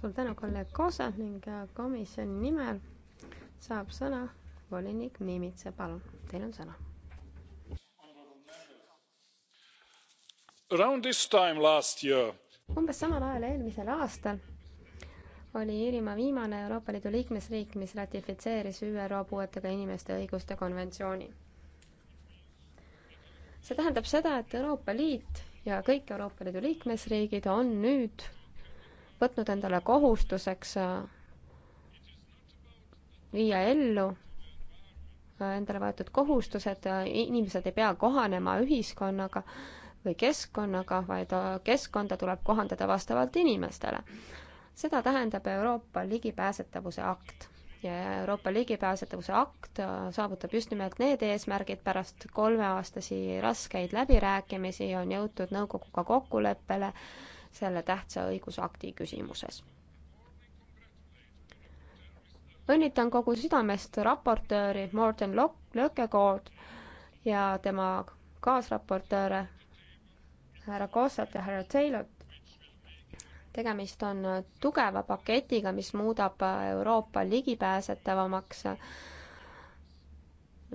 suur tänu, kolleeg Koosa ning äh, komisjoni nimel saab sõna volinik Mimitsa, palun, teil on sõna. umbes samal ajal eelmisel aastal oli Iirimaa viimane Euroopa Liidu liikmesriik, mis ratifitseeris ÜRO puuetega inimeste õiguste konventsiooni. see tähendab seda, et Euroopa Liit ja kõik Euroopa Liidu liikmesriigid on nüüd võtnud endale kohustuseks äh, viia ellu äh, endale võetud kohustused, inimesed ei pea kohanema ühiskonnaga või keskkonnaga, vaid äh, keskkonda tuleb kohandada vastavalt inimestele. seda tähendab Euroopa ligipääsetavuse akt ja Euroopa ligipääsetavuse akt saavutab just nimelt need eesmärgid, pärast kolmeaastasi raskeid läbirääkimisi on jõutud nõukoguga kokkuleppele selle tähtsa õigusakti küsimuses. õnnitan kogu südamest raportööri Morten Lõkkekood ja tema kaasraportööre härra Kossat ja härra Taylor tegemist on tugeva paketiga, mis muudab Euroopa ligipääsetavamaks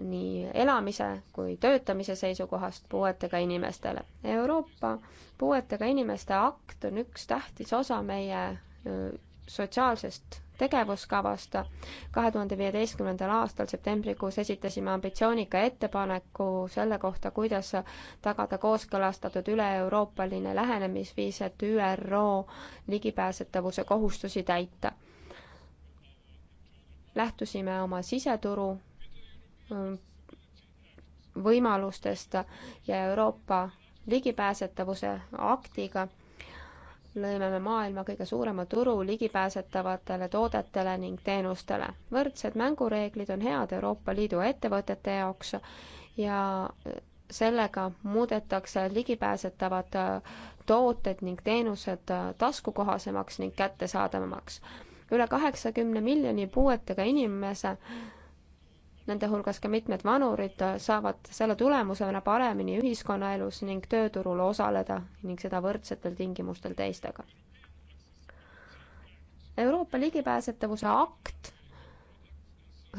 nii elamise kui töötamise seisukohast puuetega inimestele. Euroopa puuetega inimeste akt on üks tähtis osa meie sotsiaalsest tegevuskavast. kahe tuhande viieteistkümnendal aastal septembrikuus esitasime ambitsioonika ettepaneku selle kohta, kuidas tagada kooskõlastatud üle-euroopaline lähenemisviis, et ÜRO ligipääsetavuse kohustusi täita. lähtusime oma siseturu võimalustest ja Euroopa ligipääsetavuse aktiga lõime me maailma kõige suurema turu ligipääsetavatele toodetele ning teenustele. võrdsed mängureeglid on head Euroopa Liidu ettevõtete jaoks ja sellega muudetakse ligipääsetavad tooted ning teenused taskukohasemaks ning kättesaadavamaks. üle kaheksakümne miljoni puuetega inimese nende hulgas ka mitmed vanurid, saavad selle tulemusena paremini ühiskonnaelus ning tööturul osaleda ning seda võrdsetel tingimustel teistega. Euroopa ligipääsetavuse akt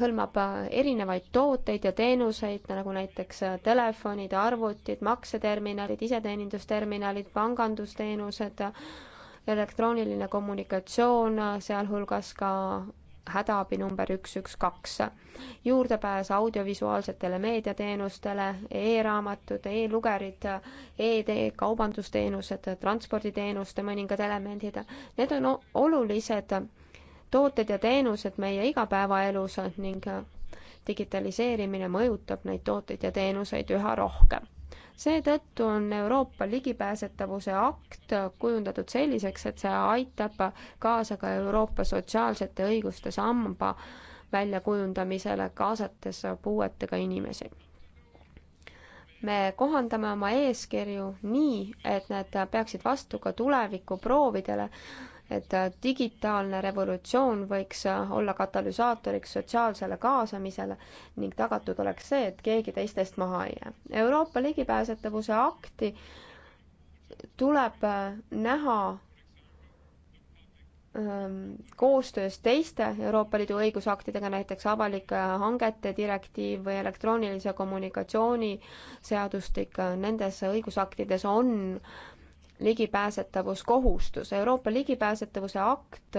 hõlmab erinevaid tooteid ja teenuseid, nagu näiteks telefonid, arvutid, makseterminalid, iseteenindusterminalid, pangandusteenused, elektrooniline kommunikatsioon, sealhulgas ka hädaabi number üks, üks, kaks. juurdepääs audiovisuaalsetele meediateenustele e, e-raamatud e, e-lugerid e, e-tee, kaubandusteenused, transporditeenuste mõningad elemendid, need on olulised tooted ja teenused meie igapäevaelus ning digitaliseerimine mõjutab neid tooteid ja teenuseid üha rohkem seetõttu on Euroopa ligipääsetavuse akt kujundatud selliseks, et see aitab kaasa ka Euroopa sotsiaalsete õiguste samba väljakujundamisele, kaasates puuetega inimesi me kohandame oma eeskirju nii, et need peaksid vastu ka tuleviku proovidele et äh, digitaalne revolutsioon võiks äh, olla katalüsaatoriks sotsiaalsele kaasamisele ning tagatud oleks see, et keegi teistest maha ei jää. Euroopa ligipääsetavuse akti tuleb äh, näha ähm, koostöös teiste Euroopa Liidu õigusaktidega, näiteks avalike hangete direktiiv või elektroonilise kommunikatsiooni seadustik, nendes õigusaktides on äh, ligipääsetavuskohustus, Euroopa ligipääsetavuse akt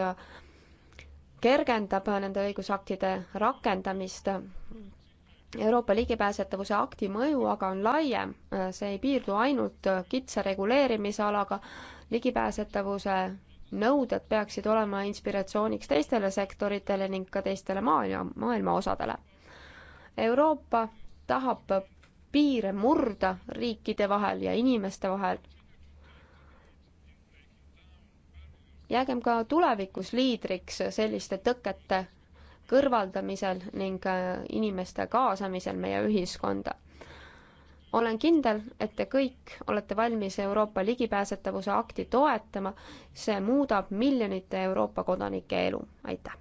kergendab nende õigusaktide rakendamist. Euroopa ligipääsetavuse akti mõju aga on laiem, see ei piirdu ainult kitsa reguleerimisalaga, ligipääsetavuse nõuded peaksid olema inspiratsiooniks teistele sektoritele ning ka teistele maailma, maailma osadele. Euroopa tahab piire murda riikide vahel ja inimeste vahel jäägem ka tulevikus liidriks selliste tõkete kõrvaldamisel ning äh, inimeste kaasamisel meie ühiskonda. olen kindel, et te kõik olete valmis Euroopa ligipääsetavuse akti toetama, see muudab miljonite Euroopa kodanike elu, aitäh!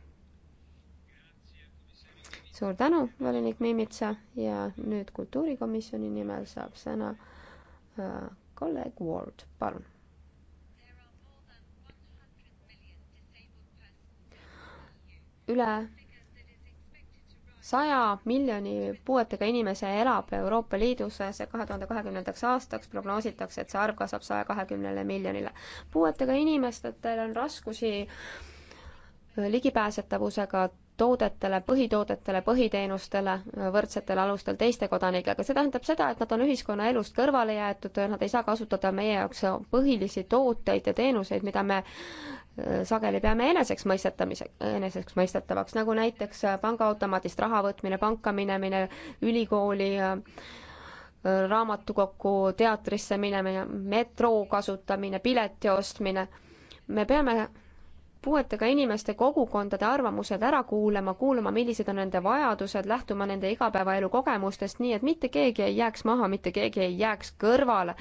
suur tänu, volinik Mimitsa ja nüüd kultuurikomisjoni nimel saab sõna äh, kolleeg Ward, palun üle saja miljoni puuetega inimese elab Euroopa Liidus, see kahe tuhande kahekümnendaks aastaks prognoositakse, et see arv kasvab saja kahekümnele miljonile. puuetega inimestel on raskusi ligipääsetavusega toodetele, põhitoodetele, põhiteenustele äh, võrdsetel alustel teiste kodanikega. see tähendab seda, et nad on ühiskonnaelust kõrvale jäetud, nad ei saa kasutada meie jaoks põhilisi tooteid ja teenuseid, mida me äh, sageli peame eneseksmõistetamiseks, eneseksmõistetavaks, nagu näiteks äh, pangaautomaadist raha võtmine, panka minemine, ülikooli raamatukokku, teatrisse minemine, metroo kasutamine, pileti ostmine. me peame puuetega inimeste kogukondade arvamused ära kuulama, kuulama, millised on nende vajadused, lähtuma nende igapäevaelu kogemustest, nii et mitte keegi ei jääks maha, mitte keegi ei jääks kõrvale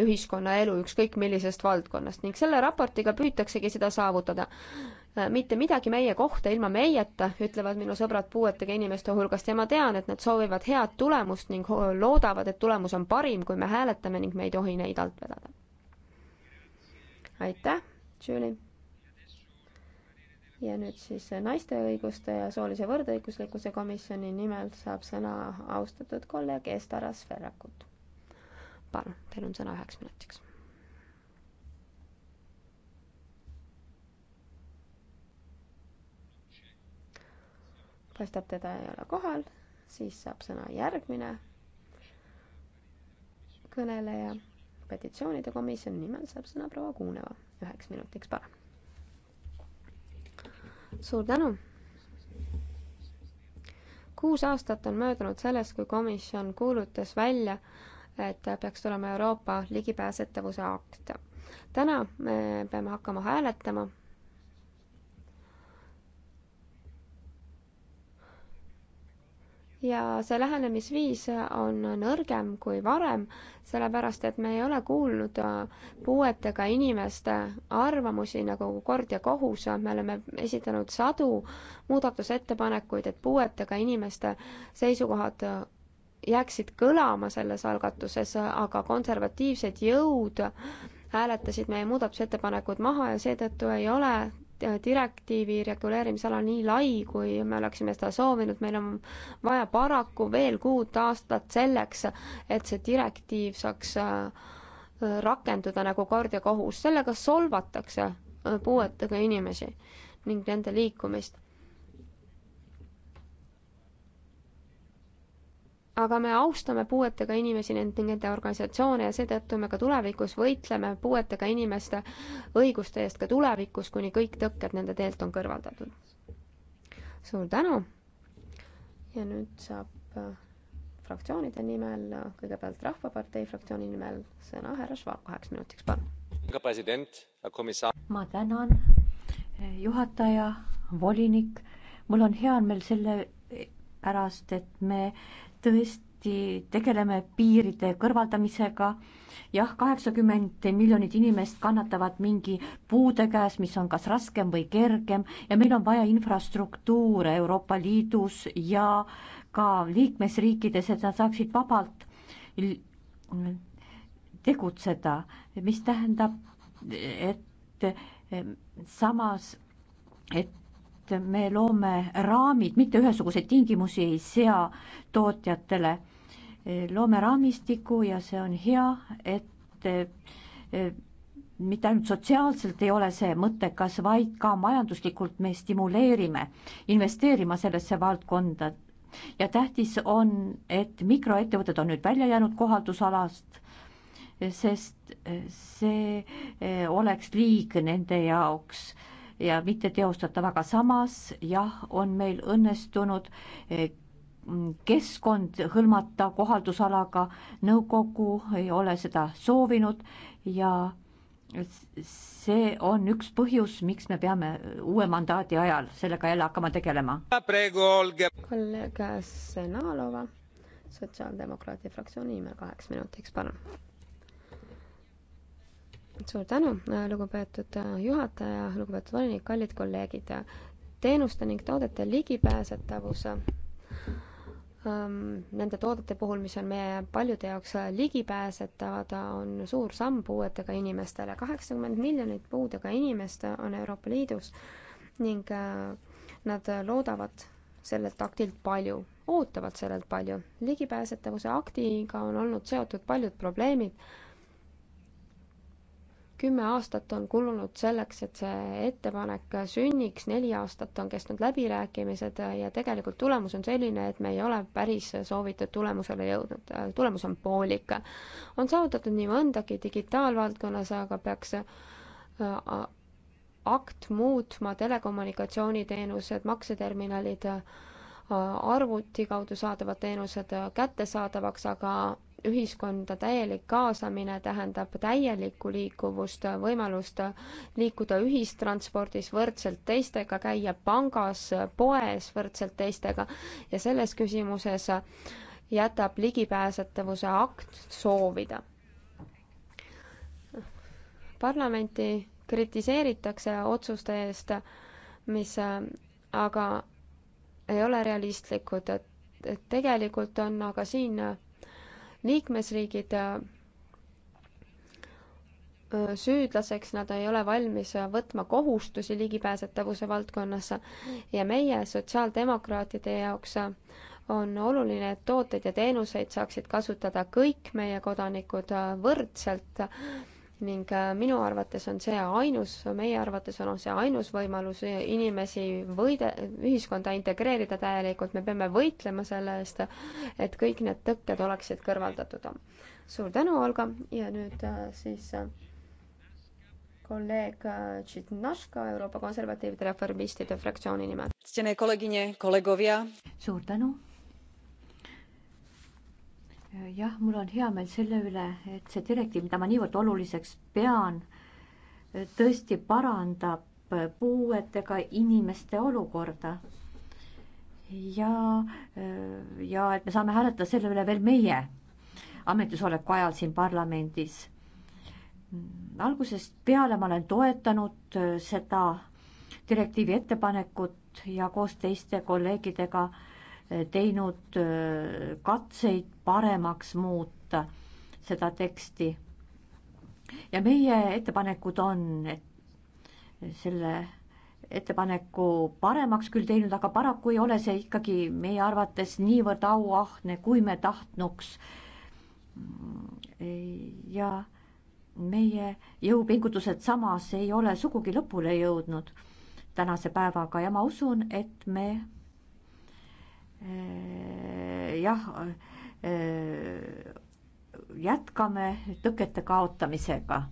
ühiskonnaelu ükskõik millisest valdkonnast ning selle raportiga püütaksegi seda saavutada. mitte midagi meie kohta ilma meieta, ütlevad minu sõbrad puuetega inimeste hulgast ja ma tean, et nad soovivad head tulemust ning loodavad, et tulemus on parim, kui me hääletame ning me ei tohi neid alt vedada. aitäh, Julie! ja nüüd siis naiste õiguste ja soolise võrdõiguslikkuse komisjoni nimel saab sõna austatud kolleeg Estaras Ferrakut. palun, teil on sõna üheks minutiks. paistab, teda ei ole kohal, siis saab sõna järgmine kõneleja. petitsioonide komisjoni nimel saab sõna proua Kuuneva üheks minutiks, palun suur tänu! kuus aastat on möödunud sellest, kui komisjon kuulutas välja, et peaks tulema Euroopa ligipääsetavuse akt. täna me peame hakkama hääletama ja see lähenemisviis on nõrgem kui varem, sellepärast et me ei ole kuulnud äh, puuetega inimeste arvamusi nagu kord ja kohus, me oleme esitanud sadu muudatusettepanekuid, et puuetega inimeste seisukohad äh, jääksid kõlama selles algatuses, aga konservatiivsed jõud hääletasid meie muudatusettepanekud maha ja seetõttu ei ole direktiivi reguleerimisala nii lai, kui me oleksime seda soovinud, meil on vaja paraku veel kuut aastat selleks, et see direktiiv saaks äh, rakenduda nagu kord ja kohus, sellega solvatakse äh, puuetega inimesi ning nende liikumist aga me austame puuetega inimesi ning nende organisatsioone ja seetõttu me ka tulevikus võitleme puuetega inimeste õiguste eest ka tulevikus, kuni kõik tõkked nende teelt on kõrvaldatud. suur tänu. ja nüüd saab äh, fraktsioonide nimel, äh, kõigepealt Rahvapartei fraktsiooni nimel sõna härra Švab kaheks minutiks, palun. ma tänan, äh, juhataja, volinik, mul on hea meel selle pärast, et me tõesti tegeleme piiride kõrvaldamisega. jah, kaheksakümmend miljonit inimest kannatavad mingi puude käes, mis on kas raskem või kergem ja meil on vaja infrastruktuure Euroopa Liidus ja ka liikmesriikides, et nad saaksid vabalt tegutseda, mis tähendab, et samas, et et me loome raamid, mitte ühesuguseid tingimusi ei sea tootjatele. loome raamistiku ja see on hea, et e, mitte ainult sotsiaalselt ei ole see mõttekas, vaid ka majanduslikult me stimuleerime investeerima sellesse valdkonda. ja tähtis on, et mikroettevõtted on nüüd välja jäänud kohaldusalast, sest see e, oleks liig nende jaoks ja mitte teostatav, aga samas jah, on meil õnnestunud eh, keskkond hõlmata kohaldusalaga, nõukogu ei ole seda soovinud ja see on üks põhjus, miks me peame uue mandaadi ajal sellega jälle hakkama tegelema. kolleeg Senalova, sotsiaaldemokraatia fraktsiooni nimel kaheks minutiks, palun suur tänu, äh, lugupeetud äh, juhataja, lugupeetud volinik, kallid kolleegid. teenuste ning toodete ligipääsetavus ähm, nende toodete puhul, mis on meie paljude jaoks äh, ligipääsetavad, on suur samm puuetega inimestele. kaheksakümmend miljonit puudega inimest on Euroopa Liidus ning nad loodavad sellelt aktilt palju, ootavad sellelt palju. ligipääsetavuse aktiga on olnud seotud paljud probleemid kümme aastat on kulunud selleks, et see ettepanek sünniks, neli aastat on kestnud läbirääkimised ja tegelikult tulemus on selline, et me ei ole päris soovitud tulemusele jõudnud. tulemus on poolik. on saavutatud nii mõndagi digitaalvaldkonnas, aga peaks äh, akt muutma telekommunikatsiooniteenused, makseterminalid arvuti kaudu saadavad teenused kättesaadavaks, aga ühiskonda täielik kaasamine tähendab täielikku liikuvust, võimalust liikuda ühistranspordis võrdselt teistega, käia pangas, poes võrdselt teistega ja selles küsimuses jätab ligipääsetavuse akt soovida. parlamenti kritiseeritakse otsuste eest, mis aga ei ole realistlikud, et, et tegelikult on aga siin äh, liikmesriigid äh, äh, süüdlaseks, nad ei ole valmis võtma kohustusi ligipääsetavuse valdkonnas ja meie sotsiaaldemokraatide jaoks on oluline, et tooteid ja teenuseid saaksid kasutada kõik meie kodanikud võrdselt ning äh, minu arvates on see ainus, meie arvates on see ainus võimalus inimesi võide, ühiskonda integreerida täielikult, me peame võitlema selle eest, et kõik need tõkked oleksid kõrvaldatud. suur tänu, Olga, ja nüüd äh, siis äh, kolleeg Tšitnaška Euroopa Konservatiivide Reformistide fraktsiooni nimel. suur tänu jah, mul on hea meel selle üle, et see direktiiv, mida ma niivõrd oluliseks pean, tõesti parandab puuetega inimeste olukorda. ja, ja et me saame hääletada selle üle veel meie ametisoleku ajal siin parlamendis. algusest peale ma olen toetanud seda direktiivi ettepanekut ja koos teiste kolleegidega äh, teinud äh, katseid paremaks muuta seda teksti. ja meie ettepanekud on et selle ettepaneku paremaks küll teinud, aga paraku ei ole see ikkagi meie arvates niivõrd auahne, kui me tahtnuks. ja meie jõupingutused samas ei ole sugugi lõpule jõudnud tänase päevaga ja ma usun, et me Äh, jah, äh, jätkame tõkete kaotamisega.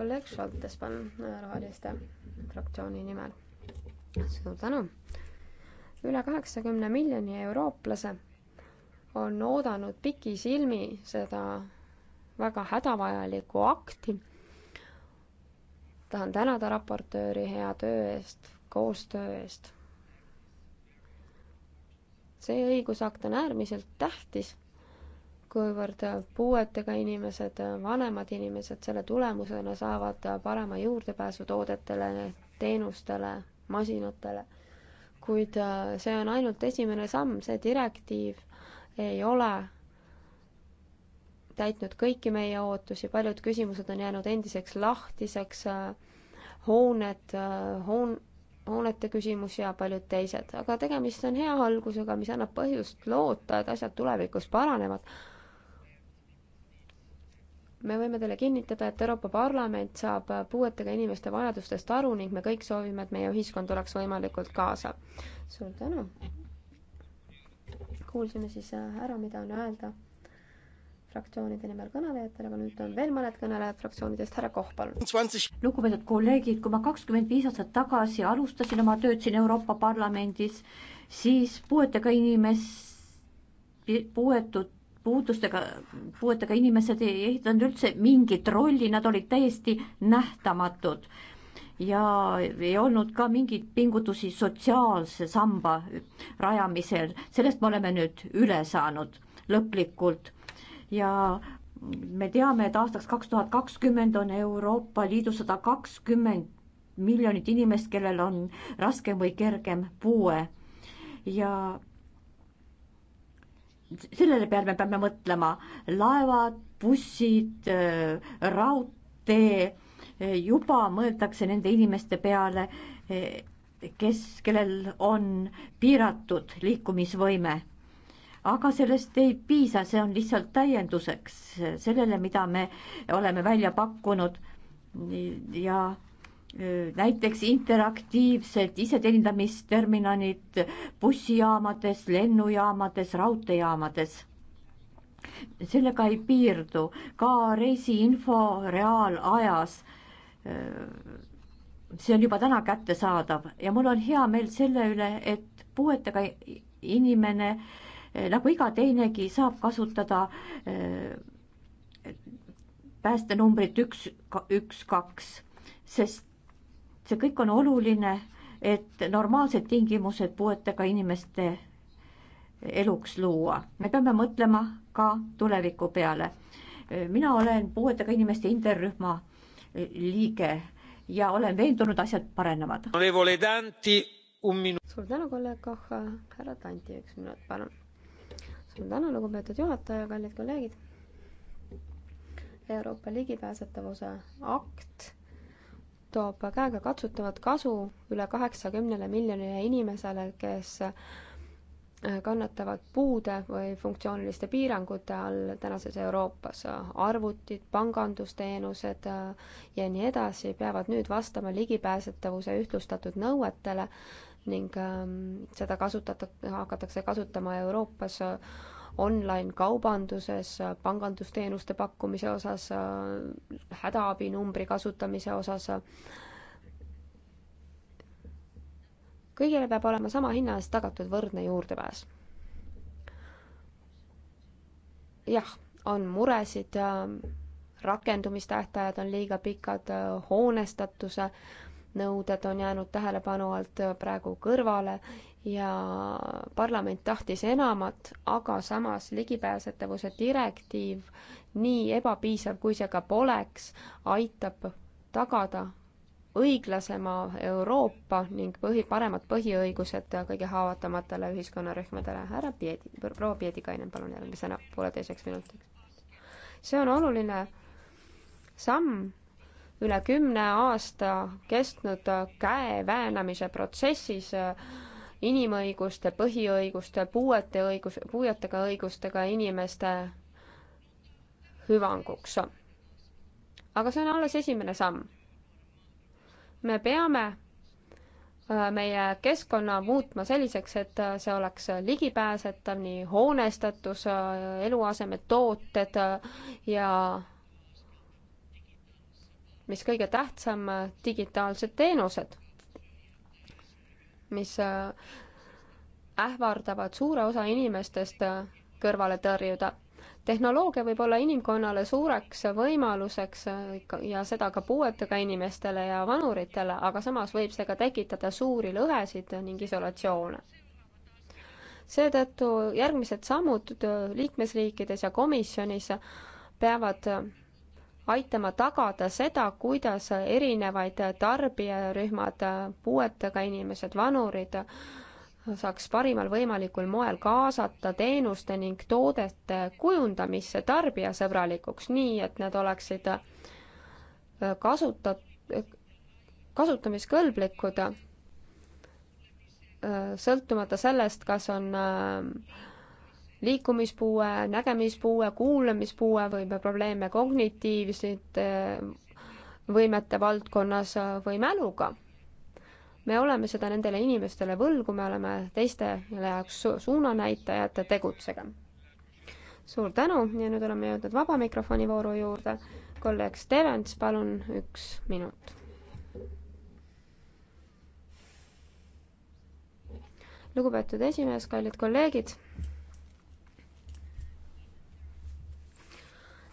kolleeg Šoltes, palun, Roheliste fraktsiooni nimel. suur tänu. üle kaheksakümne miljoni eurooplase on oodanud pikisilmi seda väga hädavajalikku akti. tahan tänada raportööri hea töö eest, koostöö eest see õigusakt on äärmiselt tähtis, kuivõrd puuetega inimesed, vanemad inimesed selle tulemusena saavad parema juurdepääsu toodetele, teenustele, masinatele. kuid äh, see on ainult esimene samm, see direktiiv ei ole täitnud kõiki meie ootusi, paljud küsimused on jäänud endiseks lahtiseks, äh, hooned, äh, hoon-, hoonete küsimus ja paljud teised, aga tegemist on hea algusega, mis annab põhjust loota, et asjad tulevikus paranevad. me võime teile kinnitada, et Euroopa Parlament saab puuetega inimeste vajadustest aru ning me kõik soovime, et meie ühiskond oleks võimalikult kaasav. suur tänu! kuulsime siis äh, ära, mida on öelda fraktsioonide nimel kõnelejatele, aga nüüd on veel mõned kõnelejad fraktsioonidest, härra Koh, palun. lugupeetud kolleegid, kui ma kakskümmend viis aastat tagasi alustasin oma tööd siin Euroopa Parlamendis, siis puuetega inimes-, puuetud puudustega, puuetega inimesed ei ehitanud üldse mingit rolli, nad olid täiesti nähtamatud. ja ei olnud ka mingeid pingutusi sotsiaalse samba rajamisel, sellest me oleme nüüd üle saanud lõplikult ja me teame, et aastaks kaks tuhat kakskümmend on Euroopa Liidus sada kakskümmend miljonit inimest, kellel on raskem või kergem puue ja sellele peale me peame mõtlema laevad, bussid, raudtee, juba mõeldakse nende inimeste peale, kes, kellel on piiratud liikumisvõime aga sellest ei piisa, see on lihtsalt täienduseks sellele, mida me oleme välja pakkunud ja näiteks interaktiivsed iseteenindamisterminalid bussijaamades, lennujaamades, raudteejaamades. sellega ei piirdu ka reisiinfo reaalajas. see on juba täna kättesaadav ja mul on hea meel selle üle, et puuetega inimene äh, Eh, nagu iga teinegi, saab kasutada eh, päästenumbrit üks, üks, kaks, sest see kõik on oluline, et normaalsed tingimused puuetega inimeste eluks luua. me peame mõtlema ka tuleviku peale. Eh, mina olen puuetega inimeste interrühma liige ja olen veendunud, asjad paranevad. suur tänu, kolleeg Koch, härra Tanti, üks minut, palun ma tänan, lugupeetud juhataja, kallid kolleegid. Euroopa ligipääsetavuse akt toob käegakatsutavat kasu üle kaheksakümnele miljonile inimesele, kes äh, kannatavad puude või funktsiooniliste piirangute all tänases Euroopas. arvutid, pangandusteenused äh, ja nii edasi peavad nüüd vastama ligipääsetavuse ühtlustatud nõuetele ning ähm, seda kasutatakse, hakatakse kasutama Euroopas äh, online-kaubanduses, äh, pangandusteenuste pakkumise osas, äh, hädaabinumbri kasutamise osas. kõigile peab olema sama hinna eest tagatud võrdne juurdepääs. jah, on muresid, rakendumistähtajad on liiga pikad, hoonestatuse nõuded on jäänud tähelepanu alt praegu kõrvale ja parlament tahtis enamat, aga samas ligipääsetavuse direktiiv, nii ebapiisav kui see ka poleks, aitab tagada õiglasema Euroopa ning põhi, paremad põhiõigused kõige haavatavamatele ühiskonnarühmadele. härra Piedi, proua Piedikainen, palun järgmisena pooleteiseks minutiks. see on oluline samm üle kümne aasta kestnud käeväänamise protsessis äh, inimõiguste, põhiõiguste, puuete õigus, puuetega õigustega inimeste hüvanguks. aga see on alles esimene samm. me peame äh, meie keskkonna muutma selliseks, et äh, see oleks ligipääsetav, nii hoonestatus, eluasemetooted ja mis kõige tähtsam, digitaalsed teenused, mis äh, ähvardavad suure osa inimestest äh, kõrvale tõrjuda. tehnoloogia võib olla inimkonnale suureks võimaluseks äh, ja seda ka puuetega inimestele ja vanuritele, aga samas võib see ka tekitada suuri lõhesid ning isolatsioone. seetõttu järgmised sammud liikmesriikides ja komisjonis peavad aitama tagada seda, kuidas erinevaid tarbijarühmad, puuetega inimesed, vanurid, saaks parimal võimalikul moel kaasata teenuste ning toodete kujundamisse tarbijasõbralikuks, nii et need oleksid äh, kasutat-, kasutamiskõlblikud, äh, sõltumata sellest, kas on äh, liikumispuue, nägemispuue, kuulamispuue või probleeme kognitiivsete äh, võimete valdkonnas äh, või mäluga. me oleme seda nendele inimestele võlgu, me oleme teistele jaoks suunanäitajad, tegutsege. suur tänu ja nüüd oleme jõudnud vaba mikrofoni vooru juurde. kolleeg Stevens, palun üks minut. lugupeetud esimees, kallid kolleegid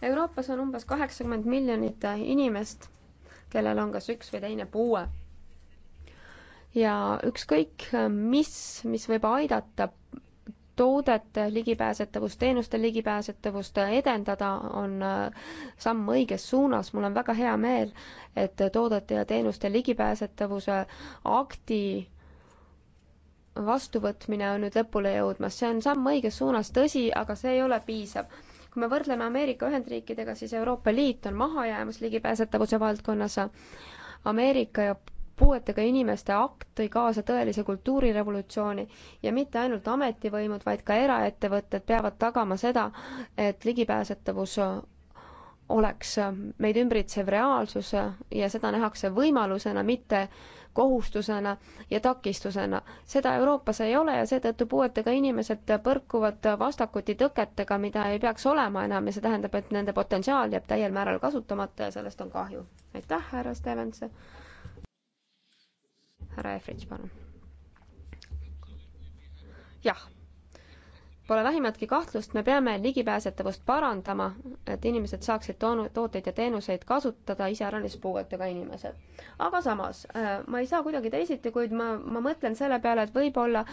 Euroopas on umbes kaheksakümmend miljonit inimest, kellel on kas üks või teine puue. ja ükskõik mis, mis võib aidata toodete ligipääsetavust, teenuste ligipääsetavust edendada, on äh, samm õiges suunas. mul on väga hea meel, et toodete ja teenuste ligipääsetavuse akti vastuvõtmine on nüüd lõpule jõudmas, see on samm õiges suunas, tõsi, aga see ei ole piisav kui me võrdleme Ameerika Ühendriikidega, siis Euroopa Liit on mahajäämus ligipääsetavuse valdkonnas. Ameerika ja puuetega inimeste akt tõi kaasa tõelise kultuurirevolutsiooni ja mitte ainult ametivõimud, vaid ka eraettevõtted peavad tagama seda, et ligipääsetavus oleks meid ümbritsev reaalsus ja seda nähakse võimalusena, mitte kohustusena ja takistusena. seda Euroopas ei ole ja seetõttu puuetega inimesed põrkuvad vastakuti tõketega, mida ei peaks olema enam ja see tähendab, et nende potentsiaal jääb täiel määral kasutamata ja sellest on kahju. aitäh, härra Stevens. härra Efrits, palun. jah Pole vähimatki kahtlust, me peame ligipääsetavust parandama, et inimesed saaksid toonu-, tooteid ja teenuseid kasutada, iseäranis puuetega inimesed. aga samas, äh, ma ei saa kuidagi teisiti, kuid ma, ma mõtlen selle peale, et võib-olla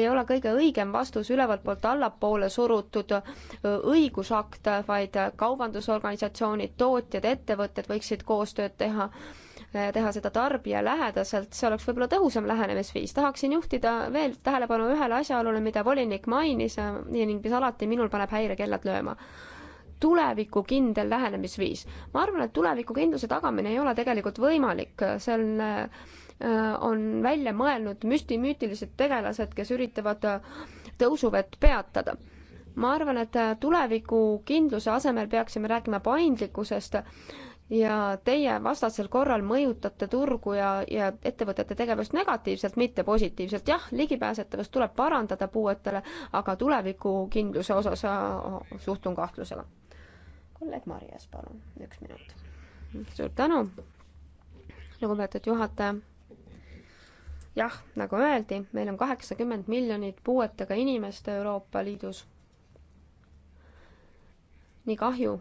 ei ole kõige õigem vastus ülevalt poolt allapoole surutud äh, õigusakt, vaid kaubandusorganisatsioonid, tootjad, ettevõtted võiksid koostööd teha teha seda tarbija lähedaselt, see oleks võib-olla tõhusam lähenemisviis. tahaksin juhtida veel tähelepanu ühele asjaolule, mida volinik mainis ning mis alati minul paneb häirekellad lööma tulevikukindel lähenemisviis. ma arvan, et tulevikukindluse tagamine ei ole tegelikult võimalik, see on äh, on välja mõelnud müstimüütilised tegelased, kes üritavad äh, tõusuvett peatada. ma arvan, et äh, tulevikukindluse asemel peaksime rääkima paindlikkusest ja teie vastasel korral mõjutate turgu ja, ja ettevõtete tegevust negatiivselt, mitte positiivselt. jah, ligipääsetavust tuleb parandada puuetele, aga tulevikukindluse osas suhtun kahtlusega. kolleeg Marias, palun, üks minut. suur tänu, lugupeetud juhataja. jah, nagu öeldi, meil on kaheksakümmend miljonit puuetega inimest Euroopa Liidus. nii kahju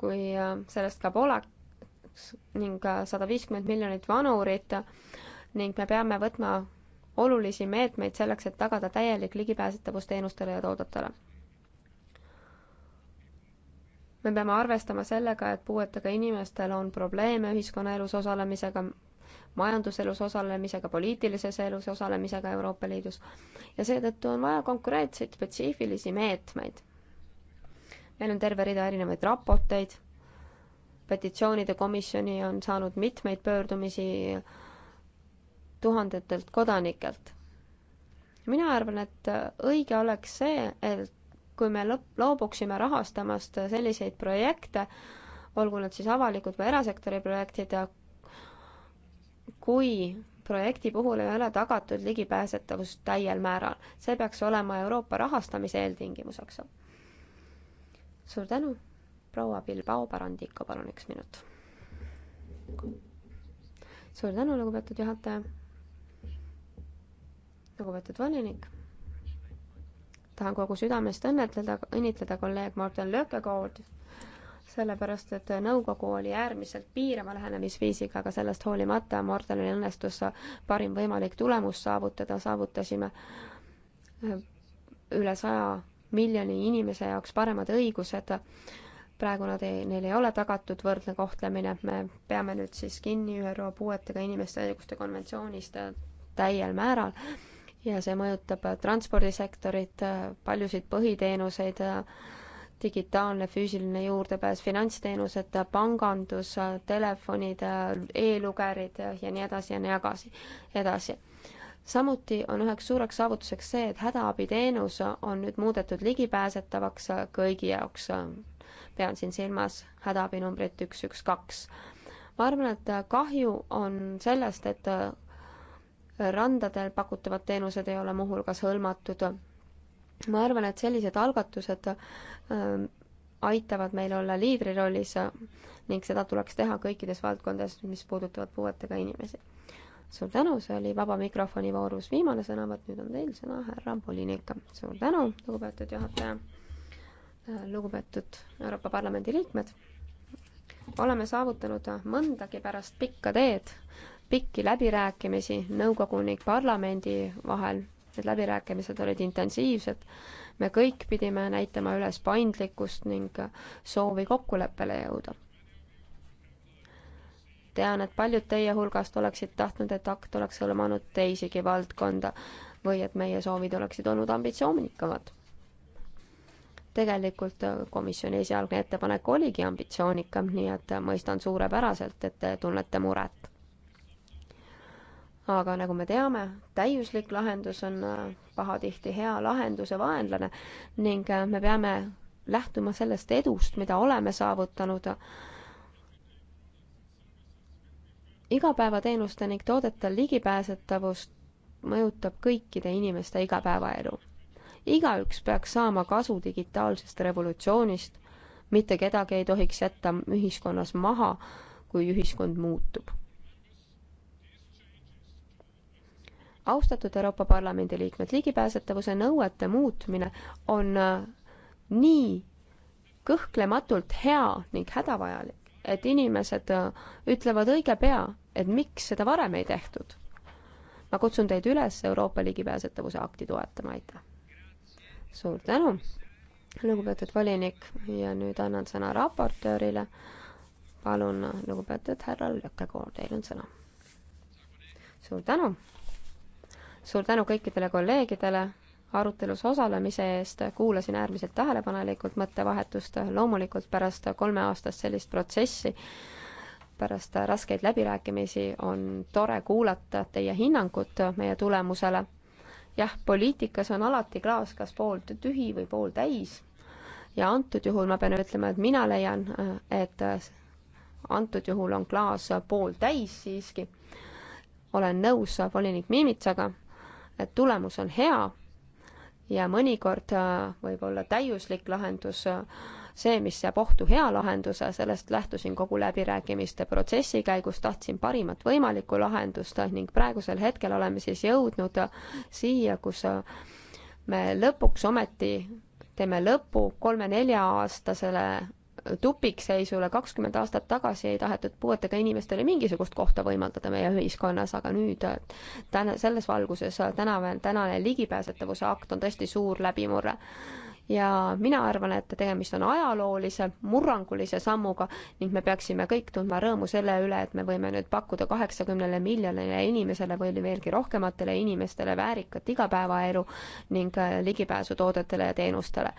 kui äh, sellest ka poleks ning äh, sada viiskümmend miljonit vanurit ning me peame võtma olulisi meetmeid selleks, et tagada täielik ligipääsetavus teenustele ja toodetele. me peame arvestama sellega, et puuetega inimestel on probleeme ühiskonnaelus osalemisega, majanduselus osalemisega, poliitilises elus osalemisega Euroopa Liidus ja seetõttu on vaja konkreetseid spetsiifilisi meetmeid meil on terve rida erinevaid raporteid, petitsioonide komisjoni on saanud mitmeid pöördumisi tuhandetelt kodanikelt. mina arvan, et õige oleks see, et kui me lõpp, loobuksime rahastamast selliseid projekte, olgu nad siis avalikud või erasektori projektid, kui projekti puhul ei ole tagatud ligipääsetavus täiel määral. see peaks olema Euroopa rahastamise eeltingimuseks suur tänu, proua Bilbao Barandiko, palun üks minut. suur tänu, lugupeetud juhataja. lugupeetud volinik. tahan kogu südamest õnnetleda, õnnitleda kolleeg Martin Löökekood sellepärast, et nõukogu oli äärmiselt piirava lähenemisviisiga, aga sellest hoolimata Mortenil õnnestus parim võimalik tulemus saavutada, saavutasime üle saja miljoni inimese jaoks paremad õigused. praegu nad ei, neil ei ole tagatud võrdne kohtlemine, me peame nüüd siis kinni ÜRO puuetega inimeste õiguste konventsioonist täiel määral ja see mõjutab transpordisektorit, paljusid põhiteenuseid, digitaalne füüsiline juurdepääs, finantsteenused, pangandus, telefonid e, e-lugerid ja nii edasi ja nii edasi, edasi samuti on üheks suureks saavutuseks see, et hädaabiteenus on nüüd muudetud ligipääsetavaks kõigi jaoks. pean siin silmas hädaabinumbrit üks, üks, kaks. ma arvan, et kahju on sellest, et randadel pakutavad teenused ei ole muuhulgas hõlmatud. ma arvan, et sellised algatused ähm, aitavad meil olla liidrirollis ning seda tuleks teha kõikides valdkondades, mis puudutavad puuetega inimesi suur tänu, see oli vaba mikrofoni voorus viimane sõnavõtt, nüüd on teil sõna, härra volinik. suur tänu, lugupeetud juhataja, lugupeetud Euroopa Parlamendi liikmed. oleme saavutanud mõndagi pärast pikka teed, pikki läbirääkimisi nõukogu ning parlamendi vahel. Need läbirääkimised olid intensiivsed, me kõik pidime näitama üles paindlikkust ning soovi kokkuleppele jõuda tean, et paljud teie hulgast oleksid tahtnud, et akt oleks hõlmanud teisigi valdkonda või et meie soovid oleksid olnud ambitsioonikamad. tegelikult äh, komisjoni esialgne ettepanek oligi ambitsioonikam, nii et äh, mõistan suurepäraselt, et te tunnete muret. aga nagu me teame, täiuslik lahendus on äh, pahatihti hea lahenduse vaenlane ning me peame lähtuma sellest edust, mida oleme saavutanud igapäevateenuste ning toodete ligipääsetavust mõjutab kõikide inimeste igapäevaelu. igaüks peaks saama kasu digitaalsest revolutsioonist, mitte kedagi ei tohiks jätta ühiskonnas maha, kui ühiskond muutub. austatud Euroopa Parlamendi liikmed, ligipääsetavuse nõuete muutmine on nii kõhklematult hea ning hädavajalik, et inimesed äh, ütlevad õige pea, et miks seda varem ei tehtud. ma kutsun teid üles Euroopa ligipääsetavuse akti toetama, aitäh! suur tänu, lugupeetud volinik, ja nüüd annan sõna raportöörile. palun, lugupeetud härra Lõkkekool, teil on sõna. suur tänu! suur tänu kõikidele kolleegidele arutelus osalemise eest, kuulasin äärmiselt tähelepanelikult mõttevahetust, loomulikult pärast kolmeaastast sellist protsessi, pärast raskeid läbirääkimisi on tore kuulata teie hinnangut meie tulemusele. jah, poliitikas on alati klaas kas pooltühi või pooltäis ja antud juhul ma pean ütlema, et mina leian, et antud juhul on klaas pooltäis siiski. olen nõus volinik Miimitsaga, et tulemus on hea ja mõnikord äh, võib olla täiuslik lahendus äh, see, mis jääb ohtu hea lahenduse, sellest lähtusin kogu läbirääkimiste protsessi käigus, tahtsin parimat võimalikku lahendust äh, ning praegusel hetkel oleme siis jõudnud siia, kus me lõpuks ometi teeme lõpu kolme-nelja-aastasele tupikseisule, kakskümmend aastat tagasi ei tahetud puuetega inimestele mingisugust kohta võimaldada meie ühiskonnas, aga nüüd äh, täna, selles valguses äh, tänane, tänane ligipääsetavuse akt on tõesti suur läbimurre ja mina arvan, et tegemist on ajaloolise, murrangulise sammuga ning me peaksime kõik tundma rõõmu selle üle, et me võime nüüd pakkuda kaheksakümnele miljonile inimesele või veelgi rohkematele inimestele väärikat igapäevaelu ning äh, ligipääsu toodetele ja teenustele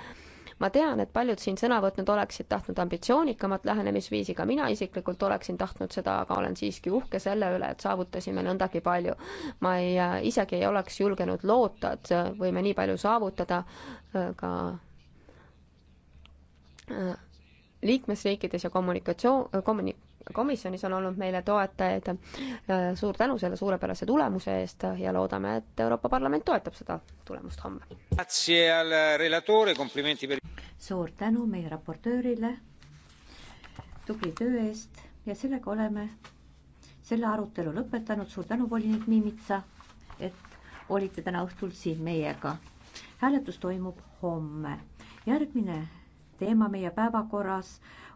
ma tean, et paljud siin sõna võtnud oleksid tahtnud ambitsioonikamat lähenemisviisi, ka mina isiklikult oleksin tahtnud seda, aga olen siiski uhke selle üle, et saavutasime nõndagi palju. ma ei, äh, isegi ei oleks julgenud loota, et võime nii palju saavutada äh, ka äh, liikmesriikides ja kommunikatsioon, kommunik-, komisjonis on olnud meile toetajaid. suur tänu selle suurepärase tulemuse eest ja loodame, et Euroopa Parlament toetab seda tulemust homme. suur tänu meie raportöörile tubli töö eest ja sellega oleme selle arutelu lõpetanud. suur tänu, volinik Miimitsa, et olite täna õhtul siin meiega. hääletus toimub homme. järgmine teema meie päevakorras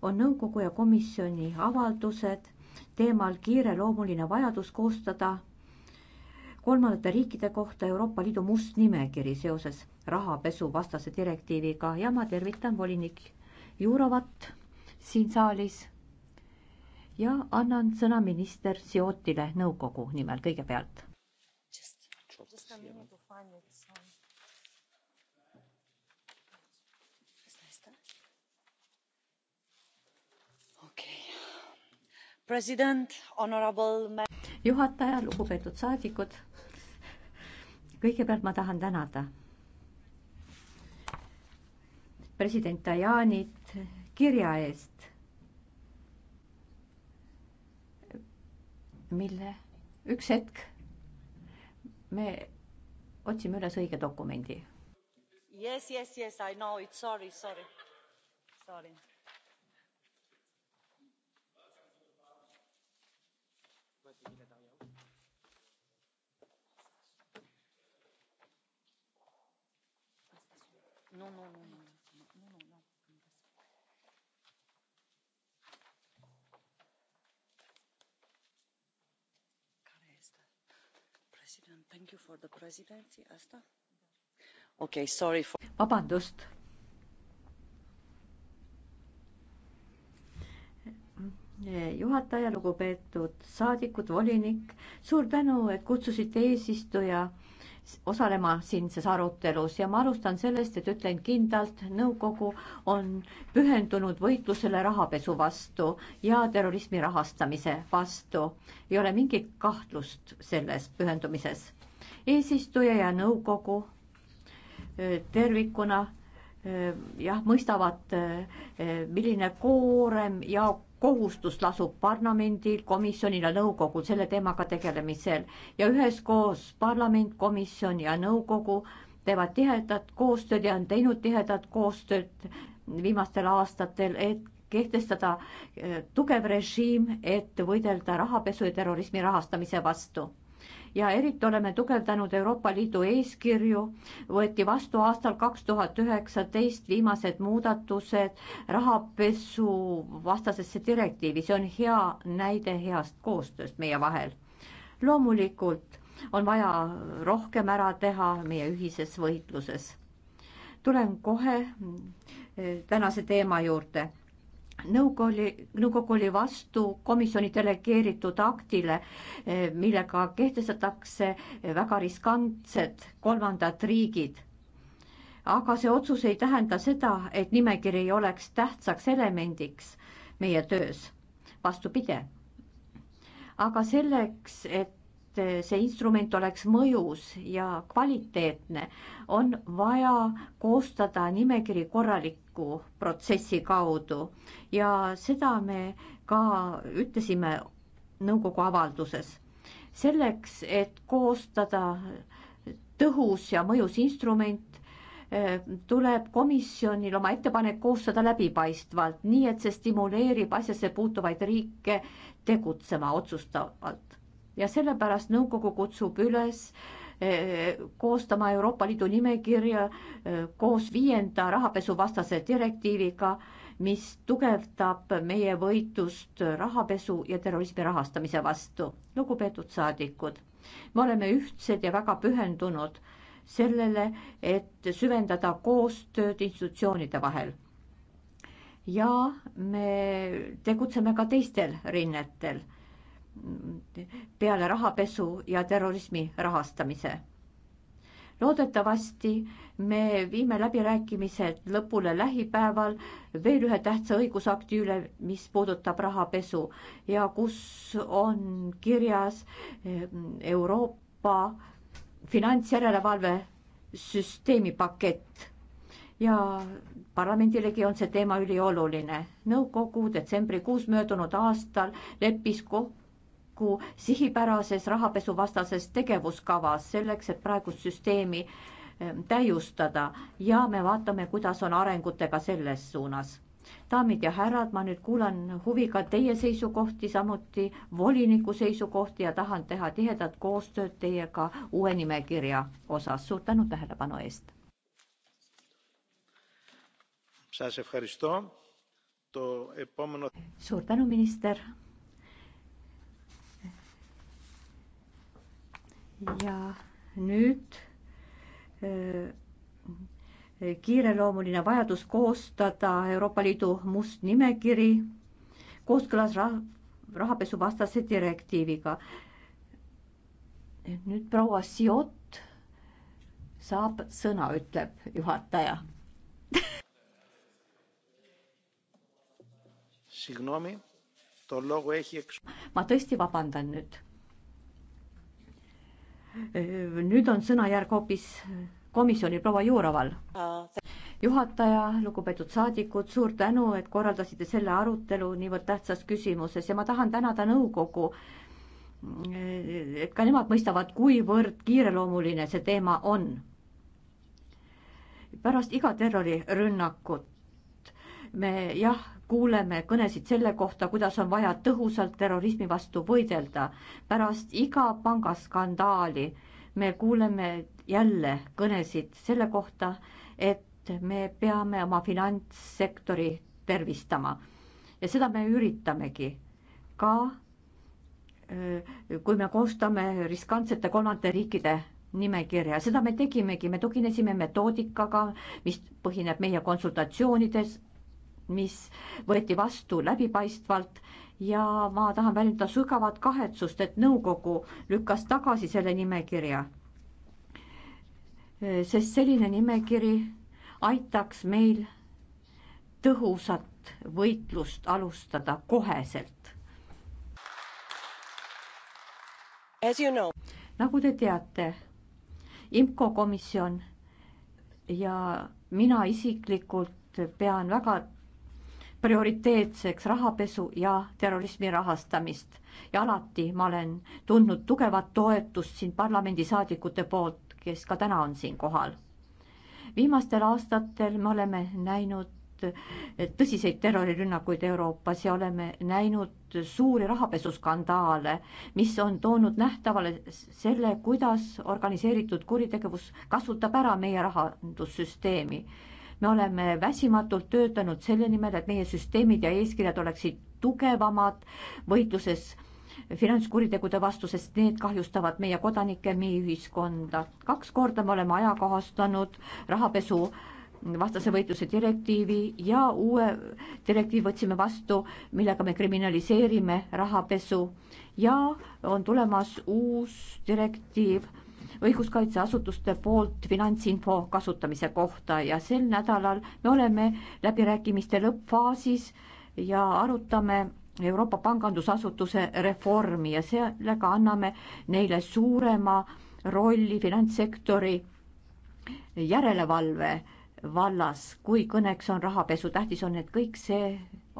on nõukogu ja komisjoni avaldused teemal kiireloomuline vajadus koostada kolmandate riikide kohta Euroopa Liidu must nimekiri seoses rahapesuvastase direktiiviga ja ma tervitan volinik Jurovat siin saalis ja annan sõna minister Siotile nõukogu nimel kõigepealt. Just, just Honorable... juhataja, lugupeetud saadikud. kõigepealt ma tahan tänada president Tajanit kirja eest, mille üks hetk me otsime üles õige dokumendi. Yes, yes, yes, I know it, sorry, sorry, sorry non non non non non non non care este president thank you for the presidency asta okei okay, sorry for vabandust juhataja, lugupeetud saadikud, volinik, suur tänu, et kutsusite eesistuja osalema siinses arutelus ja ma alustan sellest, et ütlen kindlalt, nõukogu on pühendunud võitlusele rahapesu vastu ja terrorismi rahastamise vastu. ei ole mingit kahtlust selles pühendumises. eesistuja ja nõukogu e, tervikuna e, jah, mõistavad, e, milline koorem ja kohustus lasub parlamendil, komisjonil ja nõukogul selle teemaga tegelemisel ja üheskoos parlament, komisjon ja nõukogu teevad tihedat koostööd ja on teinud tihedat koostööd viimastel aastatel, et kehtestada eh, tugev režiim, et võidelda rahapesu ja terrorismi rahastamise vastu ja eriti oleme tugevdanud Euroopa Liidu eeskirju, võeti vastu aastal kaks tuhat üheksateist viimased muudatused rahapesuvastasesse direktiivi, see on hea näide heast koostööst meie vahel. loomulikult on vaja rohkem ära teha meie ühises võitluses. tulen kohe eh, tänase teema juurde nõukogu oli, nõukogu oli vastu komisjoni delegeeritud aktile, millega kehtestatakse väga riskantsed kolmandad riigid. aga see otsus ei tähenda seda, et nimekiri ei oleks tähtsaks elemendiks meie töös, vastupidi. aga selleks, et see instrument oleks mõjus ja kvaliteetne, on vaja koostada nimekiri korralik üleminekuprotsessi kaudu ja seda me ka ütlesime nõukogu avalduses. selleks, et koostada tõhus ja mõjus instrument, eh, tuleb komisjonil oma ettepanek koostada läbipaistvalt, nii et see stimuleerib asjasse puutuvaid riike tegutsema otsustavalt. ja sellepärast nõukogu kutsub üles äh, koostama Euroopa Liidu nimekirja eh, koos viienda rahapesuvastase direktiiviga, mis tugevdab meie võitlust rahapesu ja terrorismi rahastamise vastu. lugupeetud saadikud, me oleme ühtsed ja väga pühendunud sellele, et süvendada koostööd institutsioonide vahel ja me tegutseme ka teistel rinnetel peale rahapesu ja terrorismi rahastamise. loodetavasti me viime läbirääkimised lõpule lähipäeval veel ühe tähtsa õigusakti üle, mis puudutab rahapesu ja kus on kirjas ehm, Euroopa finantsjärelevalve süsteemi pakett ja parlamendilegi on see teema ülioluline. nõukogu detsembrikuus möödunud aastal leppis kokku kokku sihipärases rahapesuvastases tegevuskavas selleks, et praegust süsteemi ehm, täiustada ja me vaatame, kuidas on arengutega selles suunas. daamid ja härrad, ma nüüd kuulan huviga teie seisukohti, samuti voliniku seisukohti ja tahan teha tihedat koostööd teiega uue nimekirja osas. suur tänu tähelepanu eest. suur tänu, minister ja nüüd äh, kiireloomuline vajadus koostada Euroopa Liidu must nimekiri kooskõlas rah-, rahapesuvastase direktiiviga. nüüd proua Siot saab sõna, ütleb juhataja. ma tõesti vabandan nüüd Äh, nüüd on sõnajärg hoopis komisjonil proua Juuraval. juhataja, lugupeetud saadikud, suur tänu, et korraldasite selle arutelu niivõrd tähtsas küsimuses ja ma tahan tänada nõukogu, et ka nemad mõistavad, kuivõrd kiireloomuline see teema on. pärast iga terrorirünnakut me jah, kuuleme kõnesid selle kohta, kuidas on vaja tõhusalt terrorismi vastu võidelda. pärast iga pangaskandaali me kuuleme jälle kõnesid selle kohta, et me peame oma finantssektori tervistama ja seda me üritamegi ka äh, kui me koostame riskantsete kolmandate riikide nimekirja, seda me tegimegi, me tuginesime metoodikaga, mis põhineb meie konsultatsioonides mis võeti vastu läbipaistvalt ja ma tahan väljendada sügavat kahetsust, et nõukogu lükkas tagasi selle nimekirja. sest selline nimekiri aitaks meil tõhusat võitlust alustada koheselt. You know. nagu te teate, IMCO komisjon ja mina isiklikult pean väga prioriteetseks rahapesu ja terrorismi rahastamist ja alati ma olen tundnud tugevat toetust siin parlamendisaadikute poolt, kes ka täna on siin kohal. viimastel aastatel me oleme näinud tõsiseid terrorirünnakuid Euroopas ja oleme näinud suuri rahapesuskandaale, mis on toonud nähtavale selle, kuidas organiseeritud kuritegevus kasutab ära meie rahandussüsteemi me oleme väsimatult töötanud selle nimel, et meie süsteemid ja eeskirjad oleksid tugevamad võitluses finantskuritegude vastu, sest need kahjustavad meie kodanikke, meie ühiskonda. kaks korda me oleme ajakohastanud rahapesu vastase võitluse direktiivi ja uue direktiivi võtsime vastu, millega me kriminaliseerime rahapesu ja on tulemas uus direktiiv õiguskaitseasutuste poolt finantsinfo kasutamise kohta ja sel nädalal me oleme läbirääkimiste lõppfaasis ja arutame Euroopa pangandusasutuse reformi ja sellega anname neile suurema rolli finantssektori järelevalve vallas, kui kõneks on rahapesu, tähtis on, et kõik see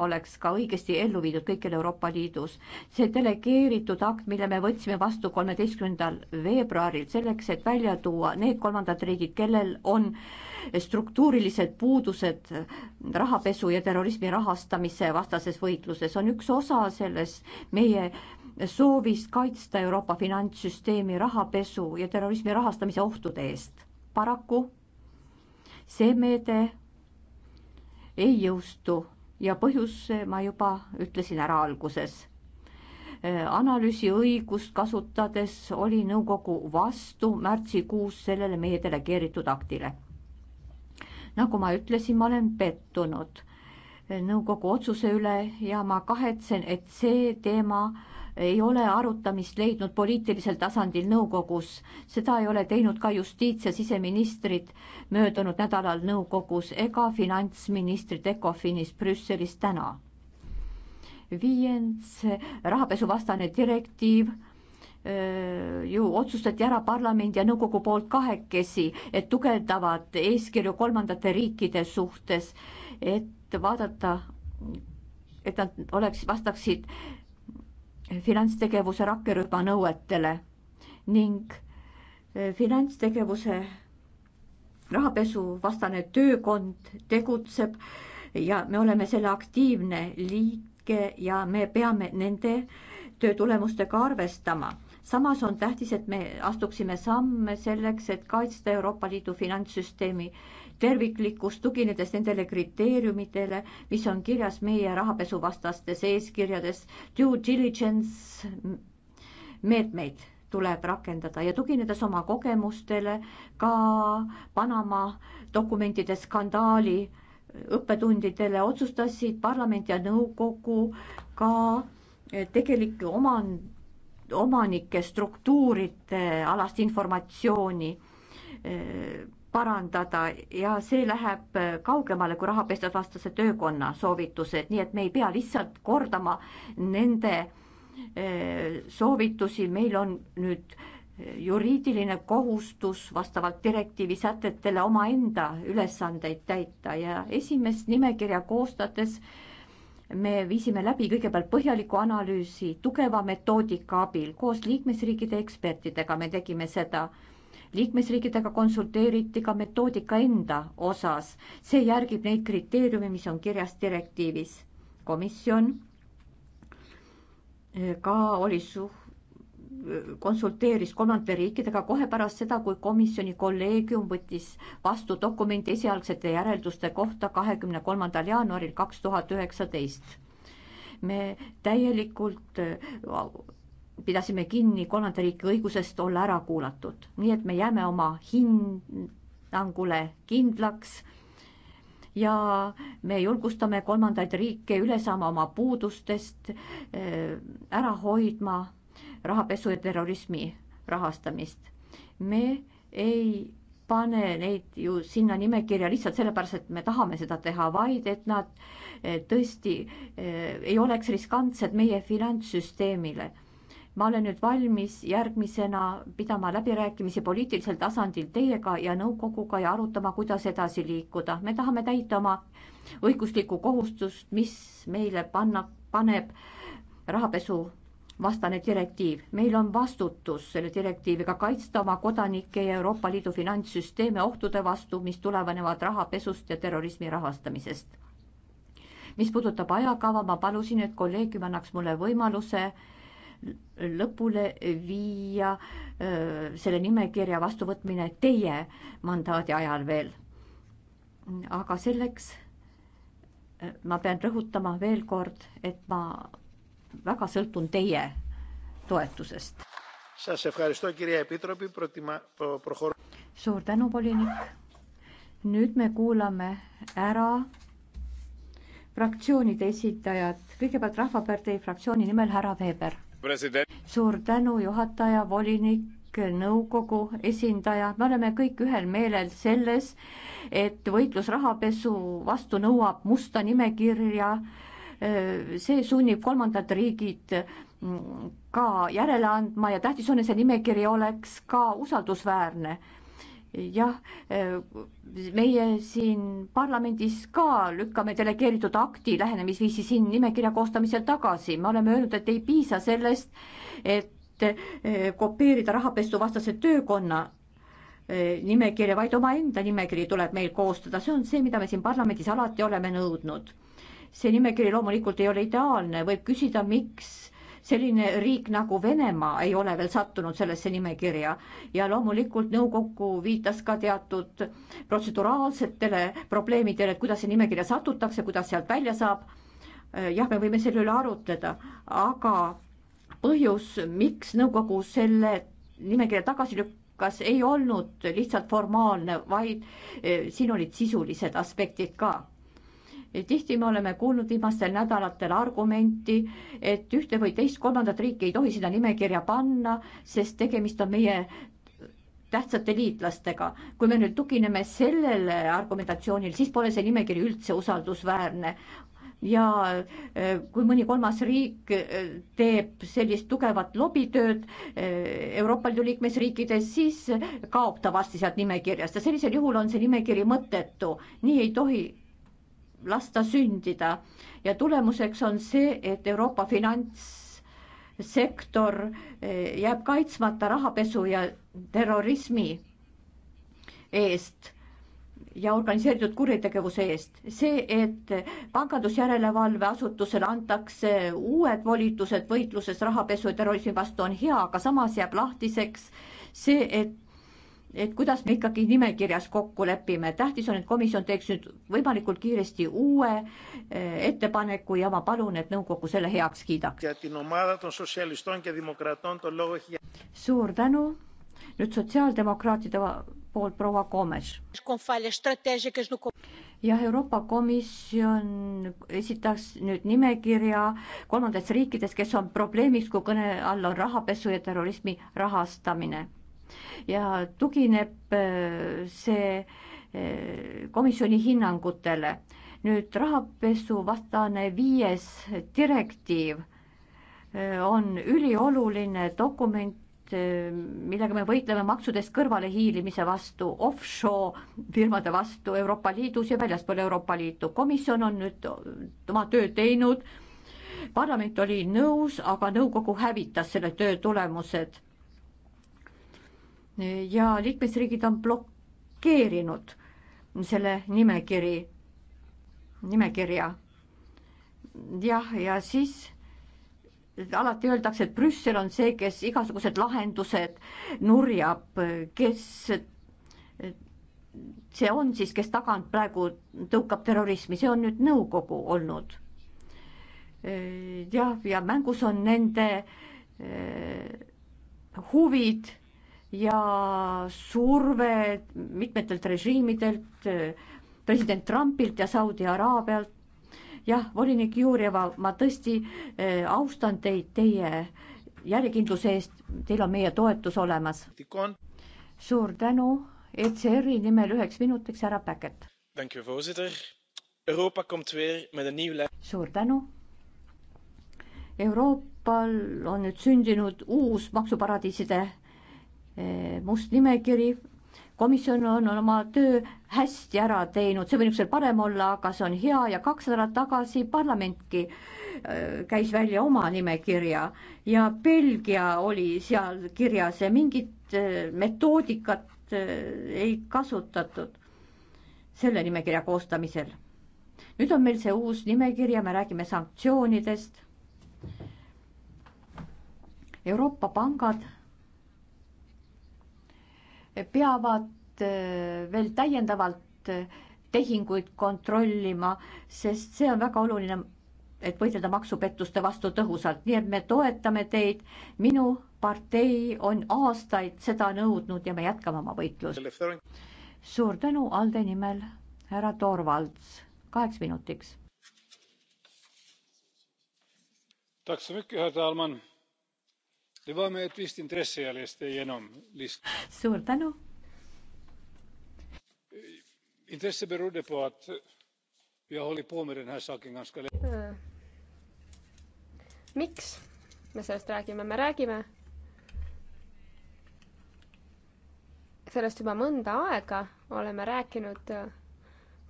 oleks ka õigesti ellu viidud kõikjal Euroopa Liidus. see delegeeritud akt, mille me võtsime vastu kolmeteistkümnendal veebruaril selleks, et välja tuua need kolmandad riigid, kellel on struktuurilised puudused rahapesu ja terrorismi rahastamise vastases võitluses, on üks osa selles meie soovist kaitsta Euroopa finantssüsteemi rahapesu ja terrorismi rahastamise ohtude eest. paraku see meede ei jõustu ja põhjuse ma juba ütlesin ära alguses. Äh, analüüsiõigust kasutades oli nõukogu vastu märtsikuus sellele meie delegeeritud aktile. nagu ma ütlesin, ma olen pettunud äh, nõukogu otsuse üle ja ma kahetsen, et see teema ei ole arutamist leidnud poliitilisel tasandil nõukogus. seda ei ole teinud ka justiits- ja siseministrid möödunud nädalal nõukogus ega finantsministrid ECOFINis Brüsselis täna. viies rahapesuvastane direktiiv ju otsustati ära parlamendi ja nõukogu poolt kahekesi, et tugevdavad eeskirju kolmandate riikide suhtes, et vaadata, et nad oleks, vastaksid finantstegevuse rakkerühma nõuetele ning eh, finantstegevuse rahapesuvastane töökond tegutseb ja me oleme selle aktiivne liige ja me peame nende töö tulemustega arvestama. samas on tähtis, et me astuksime samme selleks, et kaitsta Euroopa Liidu finantssüsteemi terviklikkust, tuginedes nendele kriteeriumitele, mis on kirjas meie rahapesuvastastes eeskirjades. Due diligence meetmeid tuleb rakendada ja tuginedes oma kogemustele ka Panama dokumentide skandaali õppetundidele otsustasid parlament ja nõukogu ka tegelike omand, omanike struktuuride alast informatsiooni eh, parandada ja see läheb kaugemale kui rahapesuvastase töökonna soovitused, nii et me ei pea lihtsalt kordama nende eh, soovitusi, meil on nüüd eh, juriidiline kohustus vastavalt direktiivi sätetele omaenda ülesandeid täita ja esimest nimekirja koostades me viisime läbi kõigepealt põhjaliku analüüsi tugeva metoodika abil koos liikmesriikide ekspertidega, me tegime seda liikmesriikidega konsulteeriti ka metoodika enda osas. see järgib neid kriteeriume, mis on kirjas direktiivis. komisjon eh, ka oli suht-, konsulteeris kolmandate riikidega kohe pärast seda, kui komisjoni kolleegium võttis vastu dokumendi esialgsete järelduste kohta kahekümne kolmandal jaanuaril kaks tuhat üheksateist. me täielikult eh, pidasime kinni kolmanda riigi õigusest olla ära kuulatud, nii et me jääme oma hinnangule kindlaks ja me julgustame kolmandaid riike üle saama oma puudustest, eh, ära hoidma rahapesu ja terrorismi rahastamist. me ei pane neid ju sinna nimekirja lihtsalt sellepärast, et me tahame seda teha, vaid et nad eh, tõesti eh, ei oleks riskantsed meie finantssüsteemile ma olen nüüd valmis järgmisena pidama läbirääkimisi poliitilisel tasandil teiega ja nõukoguga ja arutama, kuidas edasi liikuda. me tahame täita oma õiguslikku kohustust, mis meile panna, paneb rahapesu vastane direktiiv. meil on vastutus selle direktiiviga kaitsta oma kodanikke ja Euroopa Liidu finantssüsteeme ohtude vastu, mis tulenevad rahapesust ja terrorismi rahastamisest. mis puudutab ajakava, ma palusin, et kolleegium annaks mulle võimaluse lõpule viia äh, selle nimekirja vastuvõtmine teie mandaadi ajal veel. aga selleks äh, ma pean rõhutama veel kord, et ma väga sõltun teie toetusest. suur tänu, volinik. nüüd me kuulame ära fraktsioonide esindajad, kõigepealt Rahvapartei fraktsiooni nimel härra Veber suur tänu, juhataja, volinik nõukogu esindaja, me oleme kõik ühel meelel selles, et võitlus rahapesu vastu nõuab musta nimekirja. see sunnib kolmandad riigid ka järele andma ja tähtis on, et see nimekiri oleks ka usaldusväärne jah, eh, meie siin parlamendis ka lükkame delegeeritud akti lähenemisviisi siin nimekirja koostamisel tagasi, me oleme öelnud, et ei piisa sellest, et eh, kopeerida rahapesuvastase töökonna eh, nimekirja, vaid omaenda nimekiri tuleb meil koostada, see on see, mida me siin parlamendis alati oleme nõudnud. see nimekiri loomulikult ei ole ideaalne, võib küsida, miks selline riik nagu Venemaa ei ole veel sattunud sellesse nimekirja ja loomulikult nõukokku viitas ka teatud protseduraalsetele probleemidele, et kuidas see nimekirja satutakse, kuidas sealt välja saab. jah, me võime selle üle arutleda, aga põhjus, miks nõukogu selle nimekirja tagasi lükkas, ei olnud lihtsalt formaalne, vaid eh, siin olid sisulised aspektid ka tihti me oleme kuulnud viimastel nädalatel argumenti, et ühte või teist kolmandat riiki ei tohi sinna nimekirja panna, sest tegemist on meie tähtsate liitlastega. kui me nüüd tugineme sellele argumentatsioonile, siis pole see nimekiri üldse usaldusväärne ja e, kui mõni kolmas riik e, teeb sellist tugevat lobitööd e, Euroopa Liidu liikmesriikides, siis kaob ta varsti sealt nimekirjast ja sellisel juhul on see nimekiri mõttetu, nii ei tohi lasta sündida ja tulemuseks on see, et Euroopa finantssektor eh, jääb kaitsmata rahapesu ja terrorismi eest ja organiseeritud kuritegevuse eest. see, et pangandusjärelevalveasutusele antakse uued volitused võitluses rahapesu ja terrorismi vastu, on hea, aga samas jääb lahtiseks see, et et kuidas me ikkagi nimekirjas kokku lepime. tähtis on, et komisjon teeks nüüd võimalikult kiiresti uue eh, ettepaneku ja ma palun, et nõukogu selle heaks kiidaks. suur tänu. nüüd sotsiaaldemokraatide poolt proua Komes. jah, Euroopa Komisjon esitas nüüd nimekirja kolmandates riikides, kes on probleemiks, kui kõne all on rahapesu ja terrorismi rahastamine ja tugineb äh, see äh, komisjoni hinnangutele. nüüd rahapesuvastane viies direktiiv äh, on ülioluline dokument, millega me võitleme maksudest kõrvalehiilimise vastu, offshore firmade vastu Euroopa Liidus ja väljaspool Euroopa Liitu. komisjon on nüüd oma töö teinud, parlament oli nõus, aga nõukogu hävitas selle töö tulemused ja liikmesriigid on blokeerinud selle nimekiri, nimekirja. jah, ja siis alati öeldakse, et Brüssel on see, kes igasugused lahendused nurjab, kes see on siis, kes tagant praegu tõukab terrorismi, see on nüüd nõukogu olnud. jah, ja mängus on nende eh, huvid ja surve mitmetelt režiimidelt, president Trumpilt ja Saudi Araabialt. jah, volinik Jurjeva, ma tõesti eh, austan teid teie järjekindluse eest, teil on meie toetus olemas. suur tänu, ECR-i nimel üheks minutiks härra Päket. suur tänu. Euroopal on nüüd sündinud uus maksuparadiiside Eh, must nimekiri. komisjon on oma töö hästi ära teinud, see võib niisugusel parem olla, aga see on hea ja kaks nädalat tagasi parlamentki eh, käis välja oma nimekirja ja Belgia oli seal kirjas ja mingit eh, metoodikat ei kasutatud selle nimekirja koostamisel. nüüd on meil see uus nimekiri ja me räägime sanktsioonidest. Euroopa pangad peavad eh, veel täiendavalt eh, tehinguid kontrollima, sest see on väga oluline, et võidelda maksupettuste vastu tõhusalt, nii et me toetame teid. minu partei on aastaid seda nõudnud ja me jätkame oma võitlust. suur tänu ALDE nimel, härra Torvalds, kaheks minutiks suur tänu. intresset beror på att vi har hållit på med den här saken ganska länge. miks me sellest räägime, me räägime sellest juba mõnda aega, oleme rääkinud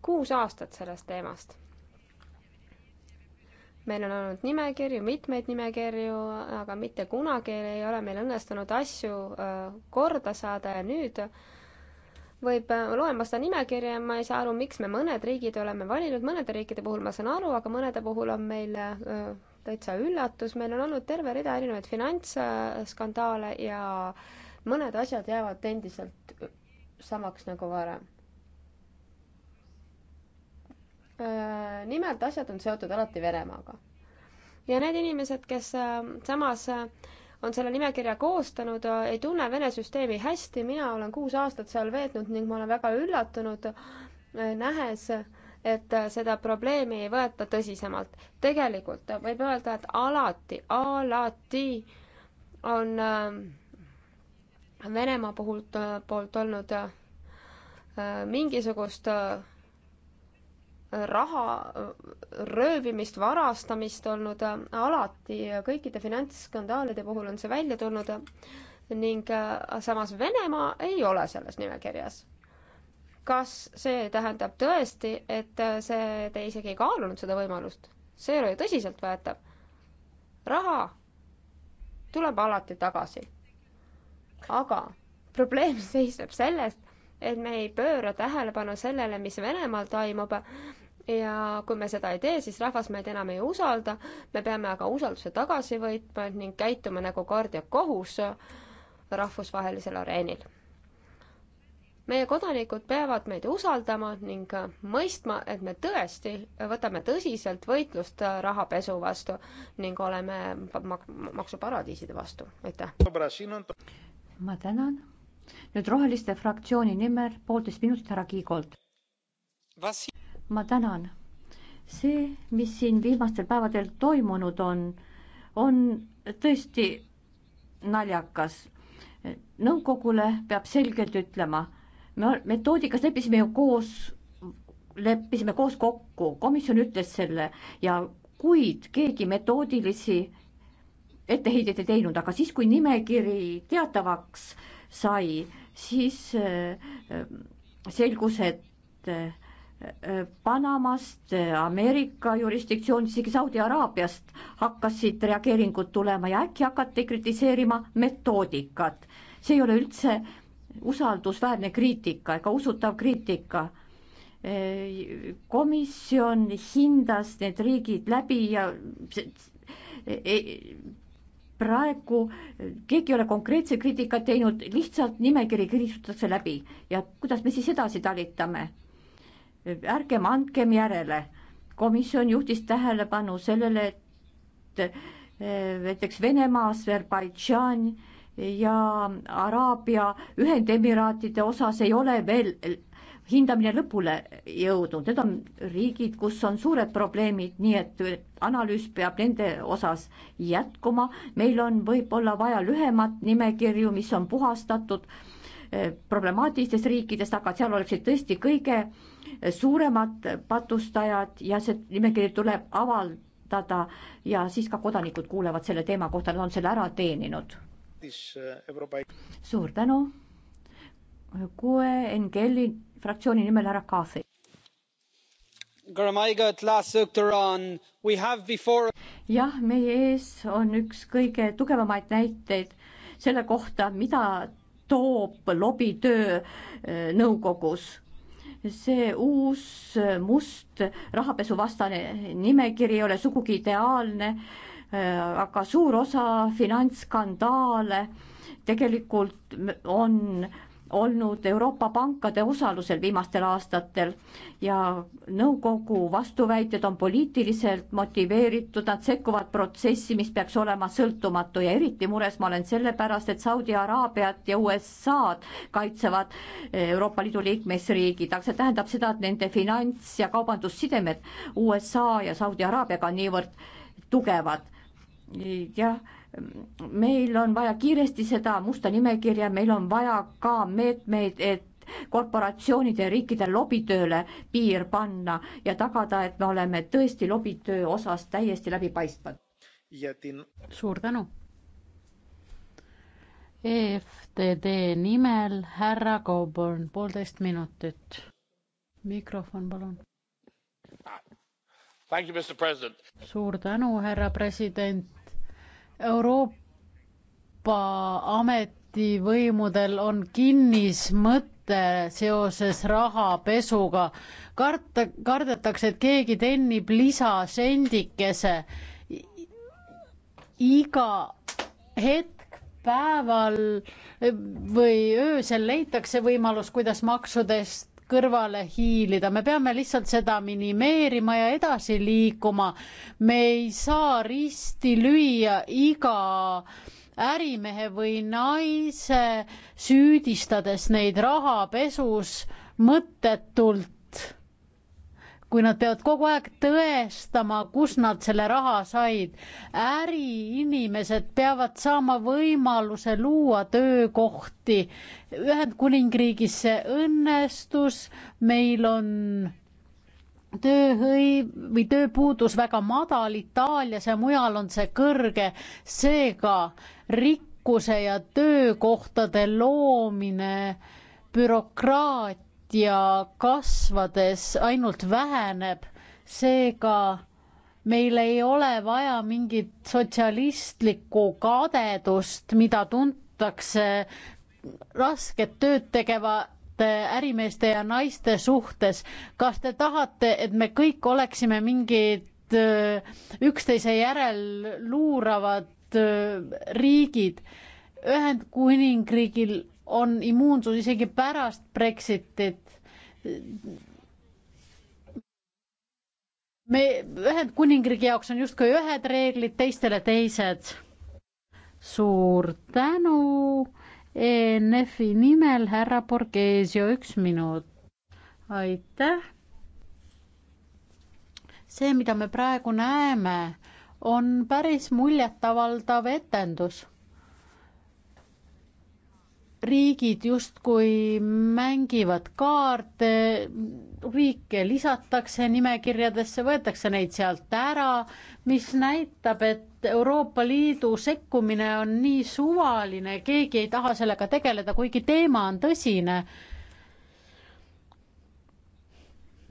kuus aastat sellest teemast meil on olnud nimekirju, mitmeid nimekirju, aga mitte kunagi ei ole meil õnnestunud asju äh, korda saada ja nüüd võib, äh, loen ma seda nimekirja ja ma ei saa aru, miks me mõned riigid oleme valinud, mõnede riikide puhul ma saan aru, aga mõnede puhul on meil äh, täitsa üllatus, meil on olnud terve rida erinevaid finantsskandaale ja mõned asjad jäävad endiselt samaks nagu varem Äh, nimelt asjad on seotud alati Venemaaga. ja need inimesed, kes äh, samas äh, on selle nimekirja koostanud, ei tunne Vene süsteemi hästi, mina olen kuus aastat seal veetnud ning ma olen väga üllatunud, nähes, et seda probleemi ei võeta tõsisemalt. tegelikult võib öelda, et alati, alati on Venemaa puhult, poolt olnud mingisugust raha röövimist, varastamist olnud äh, alati, kõikide finantsskandaalide puhul on see välja tulnud äh, ning äh, samas Venemaa ei ole selles nimekirjas. kas see tähendab tõesti, et see, te isegi ei kaalunud seda võimalust? see ei ole ju tõsiseltvõetav. raha tuleb alati tagasi. aga probleem seisneb selles, et me ei pööra tähelepanu sellele, mis Venemaal toimub ja kui me seda ei tee, siis rahvas meid enam ei usalda, me peame aga usalduse tagasi võitma ning käituma nagu kord ja kohus rahvusvahelisel areenil. meie kodanikud peavad meid usaldama ning mõistma, et me tõesti võtame tõsiselt võitlust rahapesu vastu ning oleme mak maksuparadiiside vastu, aitäh. ma tänan. nüüd Roheliste fraktsiooni nimel poolteist minutit härra Kiigolt ma tänan. see, mis siin viimastel päevadel toimunud on, on tõesti naljakas. nõukogule peab selgelt ütlema, me metoodikas leppisime ju koos, leppisime koos kokku, komisjon ütles selle ja kuid keegi metoodilisi etteheiteid ei teinud, aga siis, kui nimekiri teatavaks sai, siis äh, selgus, et äh, Panamast, Ameerika jurisdiktsioon, isegi Saudi Araabiast hakkasid reageeringud tulema ja äkki hakati kritiseerima metoodikat. see ei ole üldse usaldusväärne kriitika ega usutav kriitika. komisjon hindas need riigid läbi ja e, praegu keegi ei ole konkreetset kriitikat teinud, lihtsalt nimekiri kriisutakse läbi ja kuidas me siis edasi talitame ärgem andkem järele. komisjon juhtis tähelepanu sellele, et eh, näiteks Venemaa, Aserbaidžaan ja Araabia Ühendemiraatide osas ei ole veel hindamine lõpule jõudnud, need on riigid, kus on suured probleemid, nii et analüüs peab nende osas jätkuma. meil on võib-olla vaja lühemat nimekirju, mis on puhastatud problemaatilistest riikidest, aga seal oleksid tõesti kõige suuremad patustajad ja see nimekiri tuleb avaldada ja siis ka kodanikud kuulevad selle teema kohta, nad on selle ära teeninud. suur tänu. kuue NGL-i fraktsiooni nimel härra Kaafi jah, meie ees on üks kõige tugevamaid näiteid selle kohta, mida toob lobitöö eh, nõukogus. see uus eh, must rahapesuvastane nimekiri ei ole sugugi ideaalne, eh, aga suur osa finantsskandaale tegelikult on olnud Euroopa pankade osalusel viimastel aastatel ja nõukogu vastuväited on poliitiliselt motiveeritud, nad sekkuvad protsessi, mis peaks olema sõltumatu ja eriti mures ma olen sellepärast, et Saudi Araabiat ja USA-d kaitsevad Euroopa Liidu liikmesriigid, aga see tähendab seda, et nende finants- ja kaubandussidemed USA ja Saudi Araabiaga on niivõrd tugevad. jah meil on vaja kiiresti seda musta nimekirja, meil on vaja ka meetmeid, et korporatsioonide ja riikide lobitööle piir panna ja tagada, et me oleme tõesti lobitöö osas täiesti läbipaistvad. suur tänu. EFTD nimel härra Coburn, poolteist minutit. mikrofon, palun. suur tänu, härra president Euroopa ametivõimudel on kinnis mõte seoses rahapesuga. karta, kardetakse, et keegi tennib lisasendikese. iga hetk päeval või öösel leitakse võimalus, kuidas maksudest kõrvale hiilida, me peame lihtsalt seda minimeerima ja edasi liikuma. me ei saa risti lüüa iga ärimehe või naise süüdistades neid rahapesus mõttetult kui nad peavad kogu aeg tõestama, kus nad selle raha said. äriinimesed peavad saama võimaluse luua töökohti. Ühendkuningriigis see õnnestus, meil on tööhõiv või tööpuudus väga madal, Itaalias ja mujal on see kõrge, seega rikkuse ja töökohtade loomine, bürokraatia, ja kasvades ainult väheneb, seega meil ei ole vaja mingit sotsialistlikku kadedust, mida tuntakse rasket tööd tegevate ärimeeste ja naiste suhtes. kas te tahate, et me kõik oleksime mingid äh, üksteise järel luuravad äh, riigid? Ühendkuningriigil on immuunsus isegi pärast Brexitit. me, Ühendkuningriigi jaoks on justkui ühed reeglid, teistele teised. suur tänu ENF-i nimel, härra Borghesio, üks minut. aitäh. see, mida me praegu näeme, on päris muljetavaldav etendus riigid justkui mängivad kaarte, riike lisatakse nimekirjadesse, võetakse neid sealt ära, mis näitab, et Euroopa Liidu sekkumine on nii suvaline, keegi ei taha sellega tegeleda, kuigi teema on tõsine.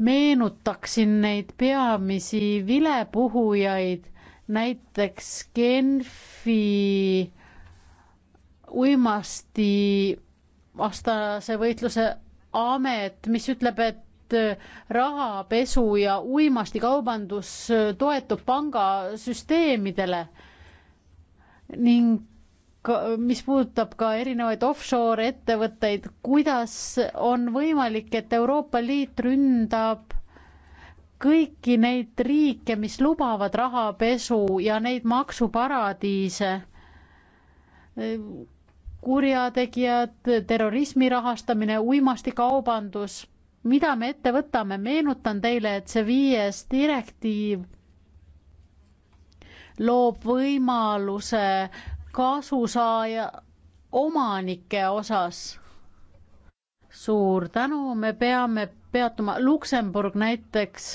meenutaksin neid peamisi vilepuhujaid, näiteks Genfi uimasti vastase võitluse amet, mis ütleb, et äh, rahapesu ja uimastikaubandus äh, toetub pangasüsteemidele ning ka, mis puudutab ka erinevaid offshore ettevõtteid, kuidas on võimalik, et Euroopa Liit ründab kõiki neid riike, mis lubavad rahapesu ja neid maksuparadiise? Äh, kurjategijad, terrorismi rahastamine, uimastikaubandus. mida me ette võtame, meenutan teile, et see viies direktiiv loob võimaluse kasusaaja omanike osas. suur tänu, me peame peatuma, Luksemburg näiteks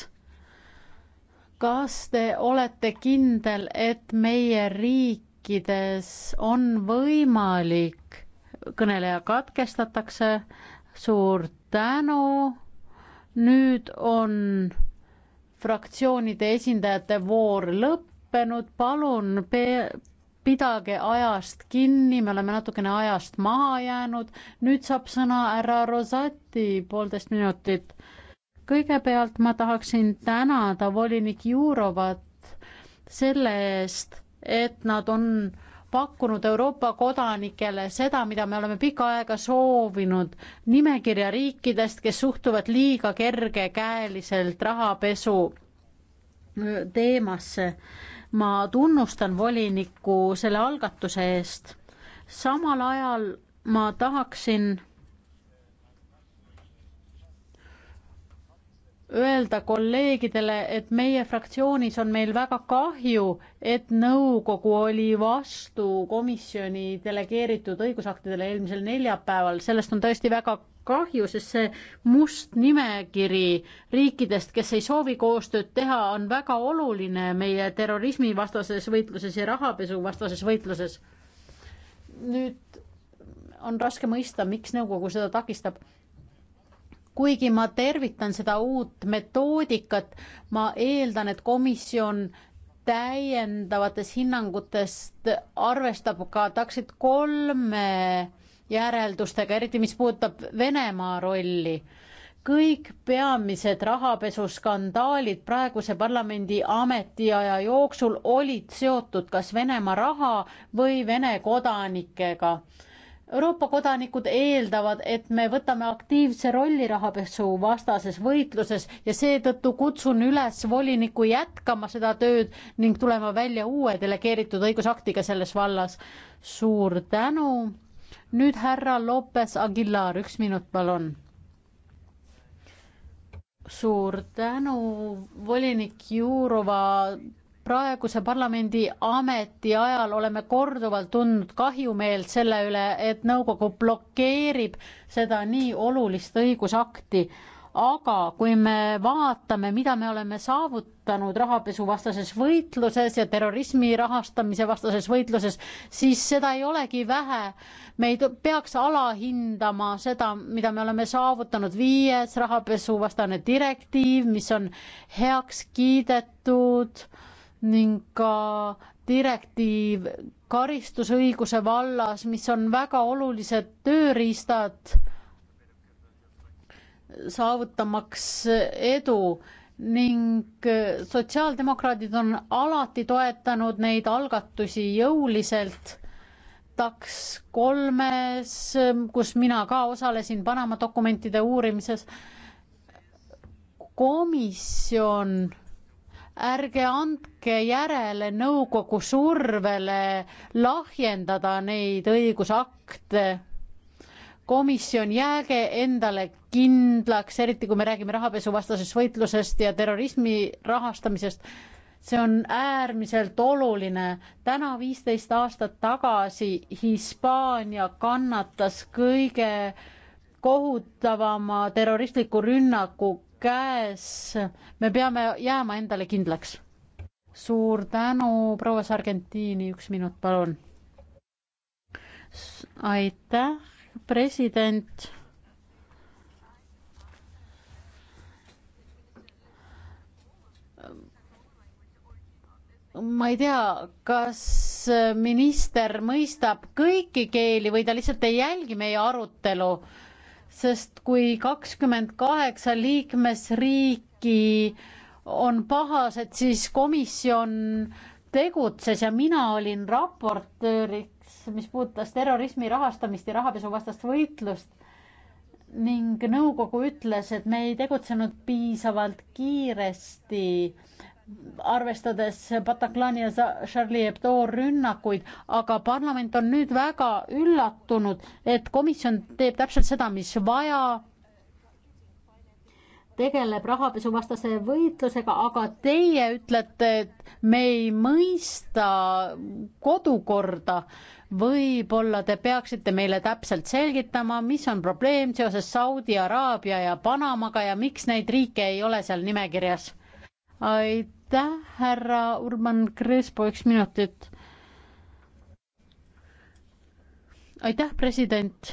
kas te olete kindel, et meie riik riikides on võimalik, kõneleja katkestatakse, suur tänu. nüüd on fraktsioonide esindajate voor lõppenud, palun pidage ajast kinni, me oleme natukene ajast maha jäänud. nüüd saab sõna härra Rosati, poolteist minutit. kõigepealt ma tahaksin tänada volinik Jurovat selle eest, et nad on pakkunud Euroopa kodanikele seda, mida me oleme pikka aega soovinud, nimekirja riikidest, kes suhtuvad liiga kergekäeliselt rahapesu teemasse. ma tunnustan volinikku selle algatuse eest. samal ajal ma tahaksin öelda kolleegidele, et meie fraktsioonis on meil väga kahju, et nõukogu oli vastu komisjoni delegeeritud õigusaktidele eelmisel neljapäeval, sellest on tõesti väga kahju, sest see must nimekiri riikidest, kes ei soovi koostööd teha, on väga oluline meie terrorismivastases võitluses ja rahapesuvastases võitluses. nüüd on raske mõista, miks nõukogu seda takistab kuigi ma tervitan seda uut metoodikat, ma eeldan, et komisjon täiendavates hinnangutest arvestab ka taksid kolme järeldustega, eriti mis puudutab Venemaa rolli. kõik peamised rahapesuskandaalid praeguse parlamendi ametiaja jooksul olid seotud kas Venemaa raha või Vene kodanikega Euroopa kodanikud eeldavad, et me võtame aktiivse rolli rahapesu vastases võitluses ja seetõttu kutsun üles volinikku jätkama seda tööd ning tulema välja uue delegeeritud õigusaktiga selles vallas. suur tänu. nüüd härra Lopes Aguilar, üks minut, palun. suur tänu, volinik Jurova praeguse parlamendi ametiajal oleme korduvalt tundnud kahjumeelt selle üle, et nõukogu blokeerib seda nii olulist õigusakti. aga kui me vaatame, mida me oleme saavutanud rahapesuvastases võitluses ja terrorismi rahastamise vastases võitluses, siis seda ei olegi vähe. me ei peaks alahindama seda, mida me oleme saavutanud, viies rahapesuvastane direktiiv, mis on heaks kiidetud ning ka direktiiv karistusõiguse vallas, mis on väga olulised tööriistad saavutamaks edu ning sotsiaaldemokraadid on alati toetanud neid algatusi jõuliselt. TAKS kolmes, kus mina ka osalesin Panama dokumentide uurimises, komisjon ärge andke järele nõukogu survele lahjendada neid õigusakte. komisjon, jääge endale kindlaks, eriti kui me räägime rahapesuvastasest võitlusest ja terrorismi rahastamisest. see on äärmiselt oluline. täna viisteist aastat tagasi Hispaania kannatas kõige kohutavama terroristliku rünnaku käes, me peame jääma endale kindlaks. suur tänu, proua Sargentini, üks minut, palun. aitäh, president. ma ei tea, kas minister mõistab kõiki keeli või ta lihtsalt ei jälgi meie arutelu sest kui kakskümmend kaheksa liikmesriiki on pahased, siis komisjon tegutses ja mina olin raportööriks, mis puudutas terrorismi rahastamist ja rahapesuvastast võitlust ning nõukogu ütles, et me ei tegutsenud piisavalt kiiresti arvestades Bataclani ja Charlie Hebdo rünnakuid, aga parlament on nüüd väga üllatunud, et komisjon teeb täpselt seda, mis vaja, tegeleb rahapesuvastase võitlusega, aga teie ütlete, et me ei mõista kodukorda. võib-olla te peaksite meile täpselt selgitama, mis on probleem seoses Saudi Araabia ja Panamaga ja miks neid riike ei ole seal nimekirjas? aitäh aitäh, härra Urban Crespo, üks minutit. aitäh, president.